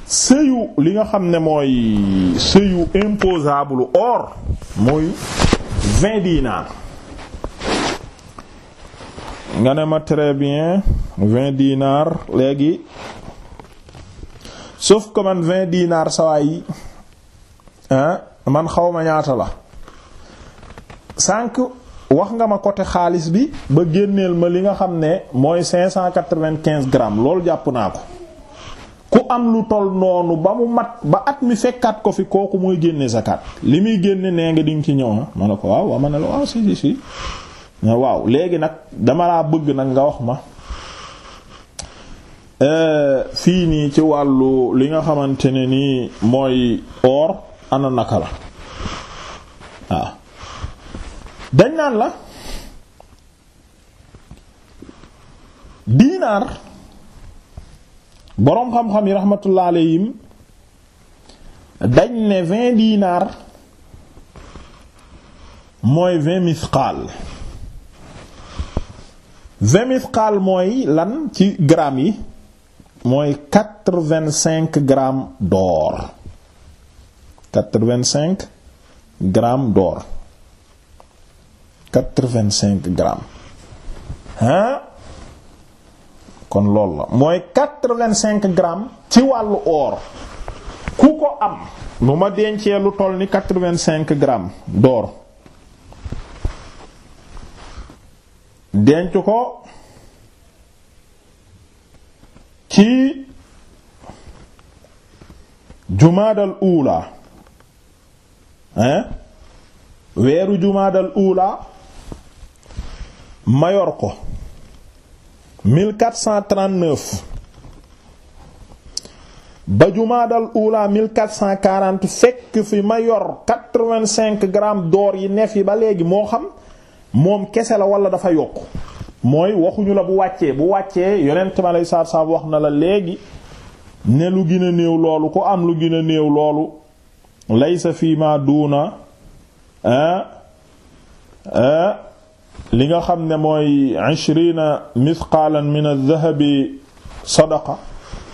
sëyu li nga xam ne mooy sëyu imposable or mooy vingt dinar nga ne ma très bien vingt dinar léegi sauf que man vingt dinaar sawaay man xaw ma ñaata la sànq wax nga ma côté xaalis bi ba génneel ma li nga xam ne mooy cinq cent quatre-vingt-quinze loolu jàpp naa ko ku am lu toll noonu ba mu mat ba at mi fekkaat ko fi kooku mooy génne zakat li muy génne nee nga di ci ñëw ma ne ko waaw waaw ma ne la waaw si si si waaw léegi nag dama laa bëgg nag nga wax ma Eh, fii nii ci wàllu li nga xamante ne nii mooy or ana naka la waaw dañ naan la diinaar boroom xam-xam yi rahmatullah alayhim dañ ne vingt diinaar mooy vingt misqaal vingt misqaal mooy lan ci gramme yi mooy quatre vingt gram grammes d'or quatre-vingt-cinq grammes d'or cinq grammes hein kon loolu la mooy quatre-vingt-cinq grammes ci wàllu or ku ko am lu ma dencee lu toll ni quatre vingt denc ko ci jumaadal uula hein weeru jumaadal uula mayor ko 1439 ba jumaadal uula 1440 fekk fi ma yor 85 grammes d'or yi neef yi ba léegi moo xam moom kese la wala dafa yokk mooy waxuñu la bu wàccee bu wàccee yonent ma lay saar saar wax na la léegi ne lu gën a néew loolu ko am lu gën a néew loolu laysa fii ma duuna ah, ah, li nga xam ne mooy ishrina mithqalan min adh-dhahabi sadaqa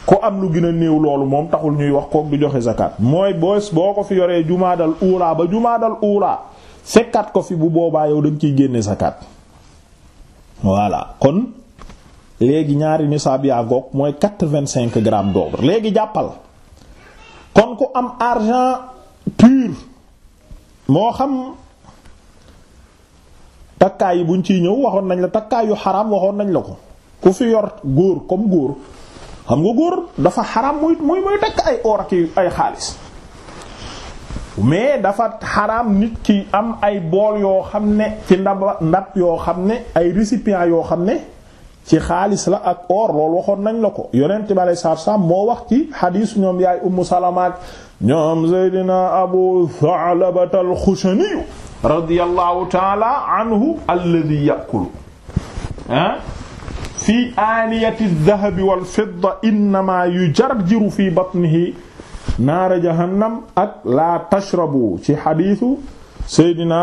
ku am lu gën a néew loolu moom taxul ñuy wax kook du joxe zakat mooy boo boo ko fi yoree jumaadal uulaa ba jumaadal uulaa fekkat ko fi bu boobaa yow danga ciy génne zakat voilà kon léegi ñaari nisaab yaa goog mooy quatre-vingt-cinq grammes d'or léegi jàppal kon ku am argent pur moo xam takkaay yi buñ ciy ñëw waxoon nañ la takkaay xaram waxoon nañ la ko ku fi yor góor comme góor xam nga góor dafa xaram muy muy muy takk ay or ak ay xaalis mais dafa xaraam nit ki am ay bool yoo xam ne ci ndab ndab yoo xam ne ay récipients yoo xam ne ci xaalis la ak or loolu waxoon nañ la ko yonent bi alei saatu salaam moo wax ci xadiis ñoom yaay ummu salamaak ñoom Seydina Abu Tha'laba al-Khushani radiyallahu ta'ala anhu alladhi ya'kulu ah fi aaniyati adh-dhahabi wal-fidda innama yujarjiru fi batnihi naara jahannam ak laa tashrabu ci xadiisu seydina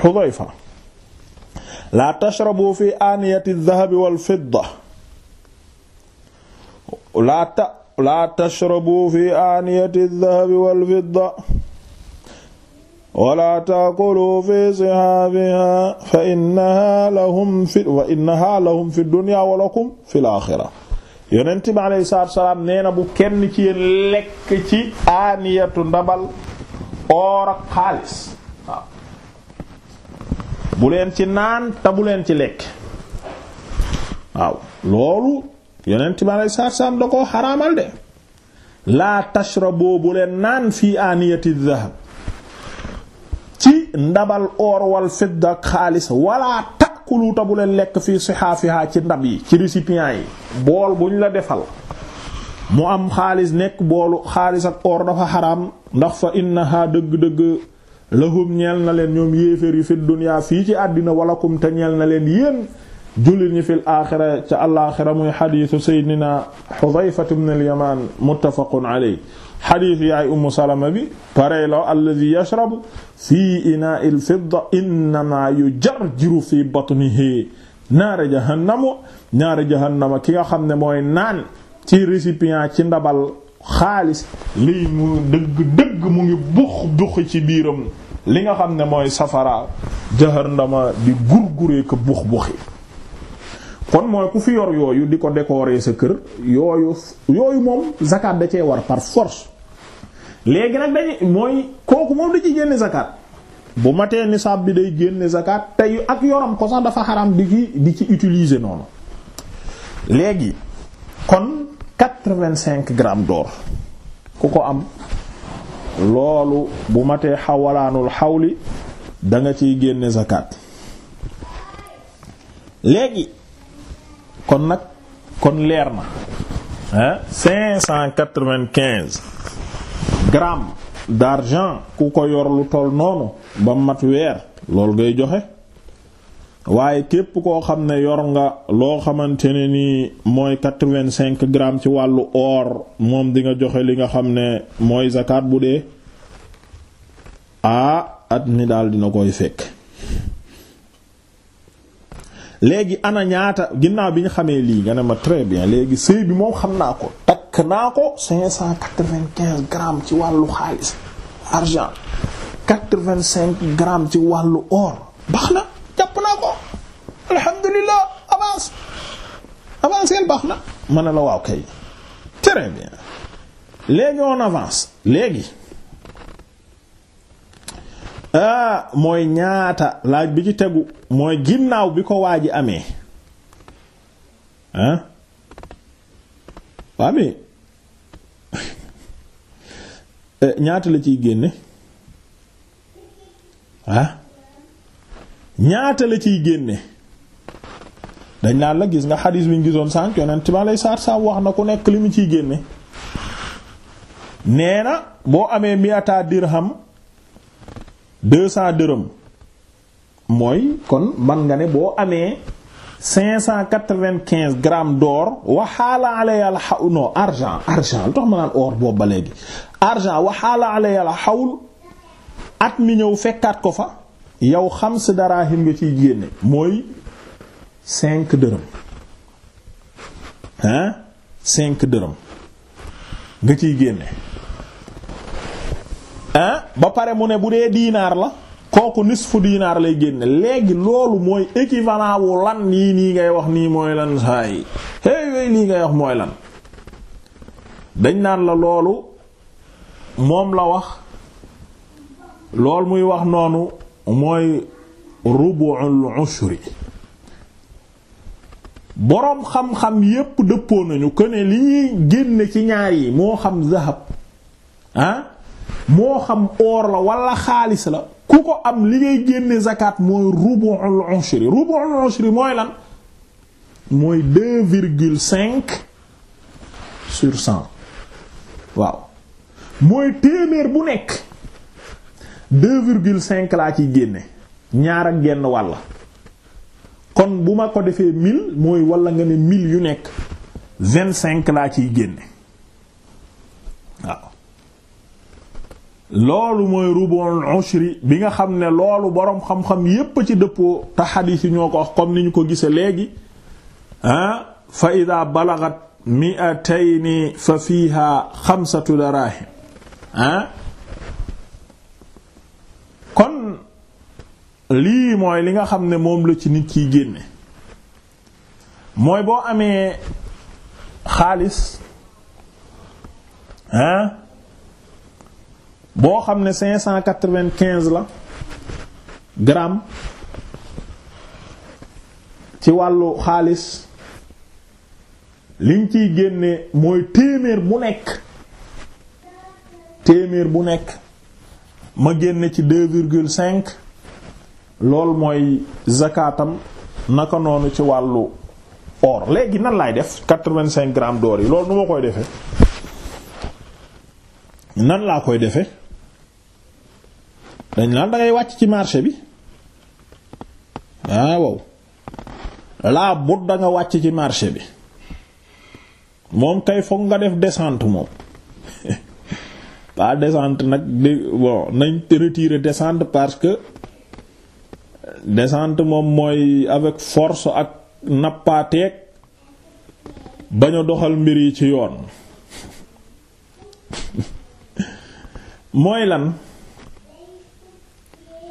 xudayfa laa tashrabu fi aaniyati dahabi wal fidda laa ta laa tashrabu fi aaniyati dahabi wal fidda wala taakulu fi sihaabiha fa innaha lahum fi wa innaha lahum fi dunya wa lakum fi al-aaxira yonent bi alayhi salaatu salaam nee bu kenn ci yéen lekk ci aaniyatu ndabal oor ak xaalis bu leen ci naan te leen ci lekk waaw loolu yonent bi alayhi salaatu salaam da xaraamal de laa tashraboo bu leen naan fii aaniyati dahab ci ndabal oor wal fidda ak xaalis wala takkulu ta bu leen lekk fi sihaafiha ci ndab yi ci récipients yi bool bu ñu la defal mu am xaalis nekk boolu xaalis ak or dafa xaraam ndax fa innaha dëgg-dëgg lahum ñeel na leen ñoom yéeféer yi fi dunya fii ci àddina walakum te ñeel na leen yéen jullit ñi fil aaxira ca alaaxira muy xadiisu seydina Xudayfa ibn al-Yamaan muttafaqun alayhi xadiis yaay umu salama bi parey la alladi yashrabu fi inaa il fidda innama yujarjiru fi batnihi naara jahannamu naara jahannama ki nga xam ne mooy naan ci récipient ci ndabal xaalis li mu dëgg dëgg mu ngi bux buxi ci biiram li nga xam ne mooy safara jahannama di gurguree ko bux buxi kon mooy ku fi yor yooyu di ko décorer sa kër yooyu yooyu moom zakat da cee war par force léegi nag dañu mooy kooku moom da ci génne zakat bu matee nisaab bi day génne zakat tey ak yoram ko sax dafa xaram di ci di ci utiliser noonu léegi kon quatre-vingt-cinq grammes d'or ku ko am loolu bu matee xawalaanul xawli da nga ciy génne zakat léegi kon nag kon leer na ah cinq cent quatre-vingt-quinze d'argent ku ko yor lu toll noonu ba mat weer loolu ngay joxe waaye képp koo xam ne yor nga loo xamante ne nii mooy quatre-vingt-cinq grammes ci wàllu or moom di nga joxe li nga xam ne mooy zakat bu dee ah at ni daal dina koy fekk léegi ana ñaata ginnaaw bi ñu xamee lii nga ne ma très bien léegi sëy bi moom xam naa ko takk naa ko cinq cent quatre ci wàllu xaalis argent quatre-vingt-cinq ci wàllu or baax na jàpp naa ko alhamdulilah avance avance baax na ma ne la waaw kay très bien léegi on avance léegi ah mooy ñaata laaj bi ci tegu mooy ginnaaw bi ko waa ji amee ah [LAUGHS] eh, ñaata la ciy génne ah ñaata la ciy génne dañ naan la gis nga xadis bi ñu gisoon sànq yonent ma lay saat saam wax na ku nekk li mu ciy génne nee na boo amee miata dirham deux cent dërëm mooy kon man nga ne boo amee cinq cent quatre-vingt-quinze grammes d'or waxaala alayal xaw non argent argent lu tax ma naan or boobu ba argent waxaala alayal xawul at mi ñëw fekkaat ko fa yow xam si daraahim nga ciy génne mooy cinq dërëm hein cinq dërëm nga ciy génne ah ba pare mu ne bu dee dinaar la kooku nisfu diinaar lay génne léegi loolu mooy équivalent wu lan nii nii ngay wax nii mooy lan saa yi hey lii ngay wax mooy lan dañ naan la loolu moom la wax loolu muy wax noonu mooy rubu'ul ushri boroom xam-xam yépp dëppoo nañu que ne li ñuy génne ci ñaar yi moo xam zahab ah moo xam or la walla xaalis la ku ko am li ngay génne zakat mooy rubu'ul ushri rubu'ul ushri mooy lan mooy deux virgule cinq sur cent waaw mooy téeméer bu nekk deux virgule cinq laa ciy génne ñaar ak genn wàll kon bu ma ko defee mil mooy walla nga ne mille yu nekk vingt cinq laa ciy génne loolu mooy rubul ushri bi nga xam ne loolu boroom xam-xam yépp ci dëppoo te xadiis ñoo ko wax comme ni ñu ko gisee léegi ah fa ida balagat mi'atayni fa fiiha xamsatu darahim ah kon lii mooy li nga xam ne moom la ci nit kiy génne mooy boo amee xaalis ah boo xam ne cinq cent quatre vingt la gramme ci wàllu xaalis liñ ciy génne mooy téeméer bu nekk téeméer bu nekk ma génne ci deux virgule cinq lool mooy zakaatam naka noonu ci wàllu or léegi nan laay def quatre-vingt-cinq grammes yi loolu nu ma koy defe nan laa koy defee dañ naan da wàcc ci marché bi ah wow laa but da wàcc ci marché bi moom kay fokk nga def descente moom [LAUGHS] pas descente nag de bon nañ te retirer parce que descente moom mooy avec force ak nappaateeg bañ a doxal mbir yi ci yoon [LAUGHS] mooy lan.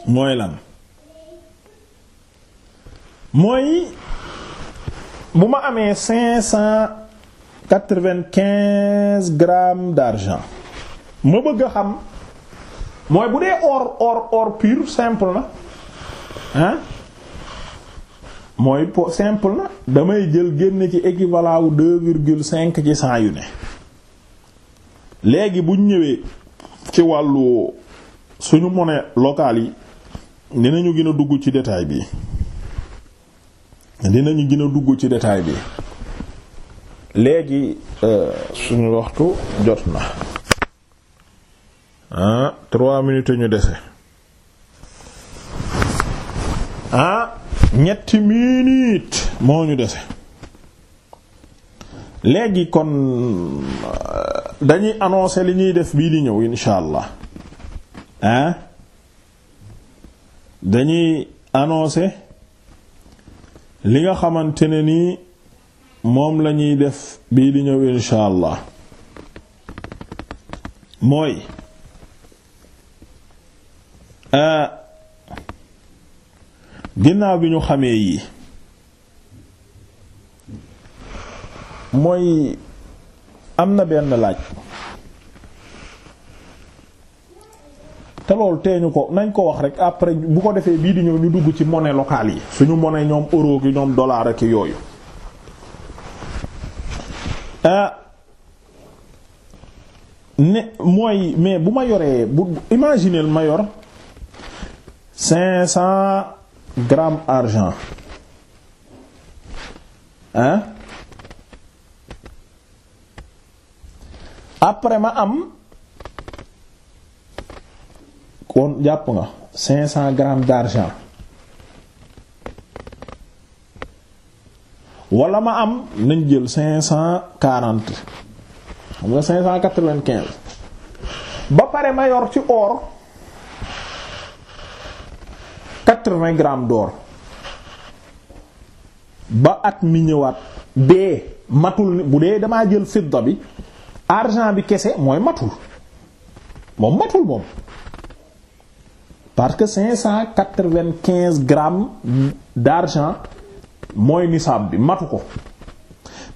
mooy lan mooy bu ma amee cinq cent quatre-vingt-quinze grammes d'argent ma bëgg a xam mooy bu dee or or or pur simple na hein mooy po simple na damay jël génn ci équivalent wu deux virgule cinq ci cent yu ne léegi buñ ñëwee ci wàllu suñu monnaie locale yi dinañu gën a dugg ci détail bi dinañu gën a dugg ci détail bi léegi euh, suñu waxtu jot na ah trois minutes ñu dese ah ñetti minutes moo ñu dese léegi kon euh, dañuy annoncer li ñuy def bii di ñëw insha allah ah dañuy annoncer li nga xamante ne nii moom la ñuy def bii di ñëw insha mooy ginnaaw bi ñu xamee yi mooy am na benn laaj te lool tee teeñu ko nañ ko wax rek après bu ko defee bii di ñëw ñu dugg ci monnaie locale yi suñu monnaie ñoom euro gi ñoom dollar ak yooyu ah, ne mooy mais bu ma yoree bu imaginer ma yor cinq cent grammes argent hein ah? après ma am kon jàpp nga cinq cent grammes d'argent wala ma am nañ jël cinq cent quarante xam nga cinq cent ba pare ma yor ci or quatre-vingts grammes d'or ba at mi ñëwaat matul bu dee damaa jël fidda bi argent bi kese mooy matul moom matul moom parce que cinq cent quatre-vingt-quinze grammes d'argent mooy nisaab bi matu ko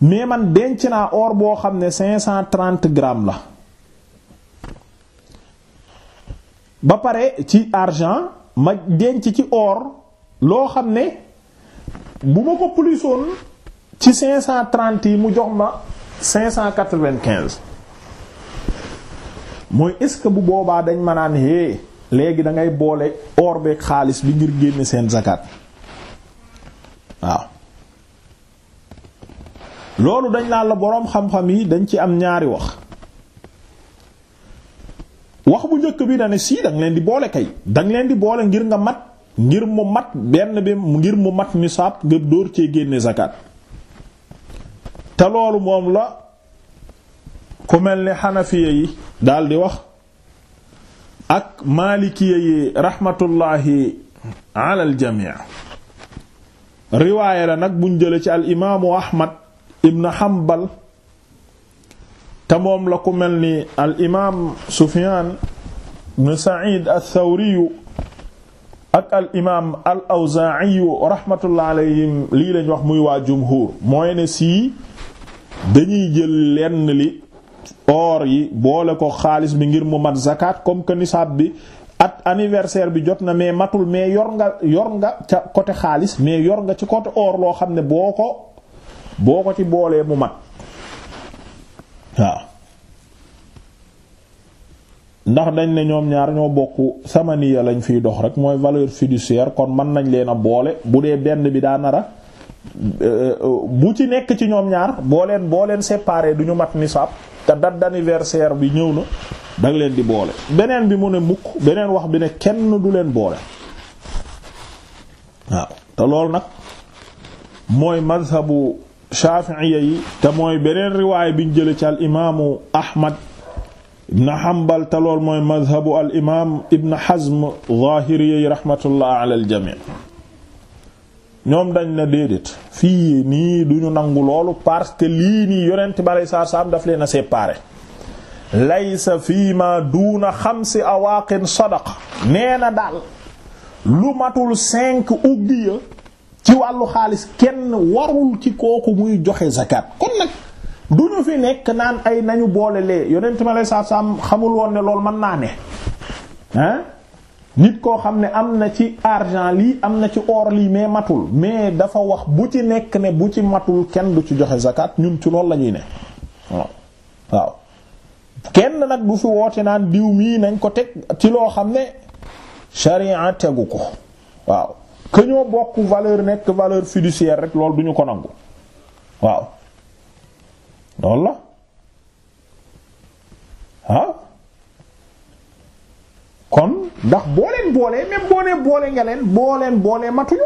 mais man denc naa or boo xam ne cinq cent trente grammes la ba pare ci argent ma denc ci or loo xam ne bu ma ko plusoon ci cinq cent trente yi mu jox ma cinq cent quatre mooy est-ce que bu boobaa dañ ma naan hé léegi dangay boole or xaalis bi ngir génne seen zakat waaw loolu dañ naan la boroom xam-xam yi dañ ci am ñaari wax wax bu njëkk bi dane sii danga leen di boole kay danga leen di boole ngir nga mat ngir mu mat benn bi ngir mu mat nisaab nga dóor cee génne zakat te loolu moom la ku mel ni xanafiya yi daal di wax ak maalikiya yi raxmatullaahi alal jamii riwaaya la nag buñ jële ci al imaamu ahmad ibn hanbal te moom la ku mel ni al imaam sufyaan ibn said al thawriyu ak al imaam al awzaa'iyu raxmatullaahi alayhim lii lañ wax muy waa jumhuur mooy ne sii dañuy jël lenn li or yi boole ko xaalis bi ngir mu mat zakat comme que nisaab bi at anniversaire bi jot na mais matul mais yor nga yor nga ca côté xaalis mais yor nga ci côté or loo xam ne boo ko boo ko ci boolee mu mat waaw ndax dañ ne ñoom ñaar ñoo bokk sama niya lañ fiy dox rek mooy valeur fiduciaire kon mën nañ leen a boole bu dee benn bi daa nara euh, bu ci nekk ci ñoom ñaar boo leen boo leen séparé du ñu mat nisaab te date d'anniversaire bi ñëw na da nga leen di boole beneen bi mu ne mukk beneen wax bi ne kenn du leen boole waaw te loolu nag mooy mazhabu shafi'iyya yey te mooy beneen riwaay biñ jële ci al imaamu ahmad ibn hanbal te loolu mooy mazhabu al imaam ibn hazm zahiri yi rahmatullah al jami' ñoom dañ na déedéet fii nii duñu nangu loolu parce que lii nii yonent bi aleyhi salaatu salaam daf leen a séparé laysa fii ma duuna xamsi awaaqin sadaqa nee na daal lu matul cinq ugiya ci wàllu xaalis kenn warul ci kooku muy joxe zakat kon nag du fi nekk naan ay nañu boole lee yonent bi aleyhi salaatu salaam xamul woon ne lool mën naa ne ah nit koo xam ne am na ci argent lii am na ci or lii mais matul mais dafa wax bu ci nekk ne bu ci matul kenn du ci joxe zakat ñun ci loolu lañuy ne waaw waaw kenn nag du fi woote naan diw mii nañ ko teg ci loo xam ne sharia tegu ko waaw que ñoo bokk valeur nekk valeur fiduciaire rek loolu duñu ko nangu waaw loolu la kon ndax boo leen boolee même boo nee boole nga leen boo leen boolee matuñu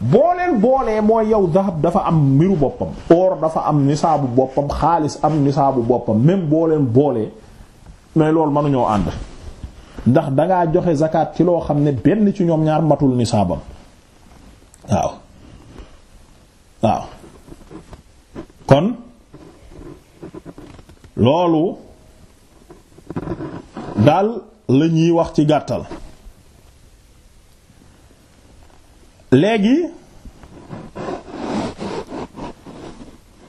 boo leen boolee mooy yow dahab dafa am mbiru boppam or dafa am nisaabu boppam xaalis am nisaabu boppam même boo leen boolee mais loolu mënuñoo ànd ndax dangaa joxe zakat ci loo xam ne benn ci ñoom ñaar matul nisaabam waaw waaw kon loolu daal la ñuy wax ci gàttal léegi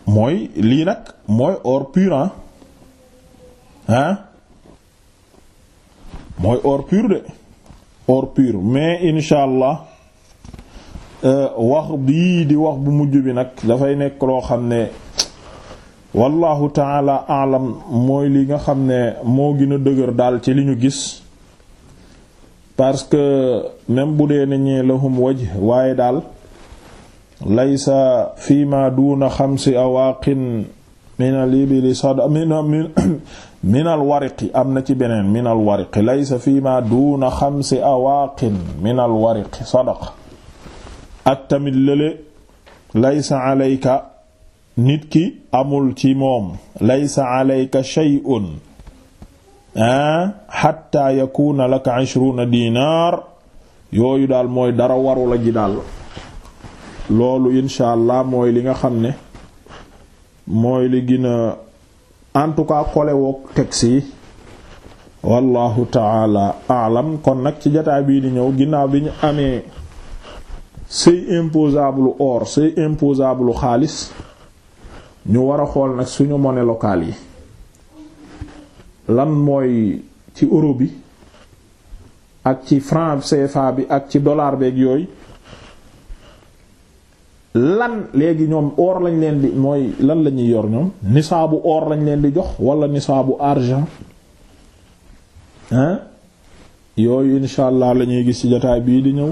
mooy lii nag mooy or pur mooy or pur de or pur mais insha allah euh, wax bii di wax bu mujj bi nag dafay nekk loo xam ne wallahu taala alam mooy li nga xam ne moo gën a dëgër daal ci li ñu gis parce que même bu dee ne ñee lahum waj waaye daal laysa fi ma duuna xamsi awaaqin min al ibili sada min [COUGHS] am na ci beneen min al wariqi laysa fi ma duuna xamsi awaaqin min al wariqi sadaq ak tamit lële nit ki amul ci moom laysa alayka shay'un ah hatta yakuna laka ishruna dinar yooyu daal mooy dara warula ji daal loolu insha allah mooy li nga xam ne mooy li gën a en tout cas xolewook texte yi wallahu taala alam kon nag ci jataay bii di ñëw ginnaaw bi ñu amee c'est imposable or c'est imposable xaalis ñu war a xool nag suñu monnaie locale yi lan mooy ci euro bi ak ci franc CFA bi ak ci dollar beeg yooyu lan léegi ñoom or lañ leen di mooy lan la ñuy yor ñoom nisaabu or lañ leen di jox walla nisaabu argent hein yooyu insha lañuy gis ci jotaay bii di ñëw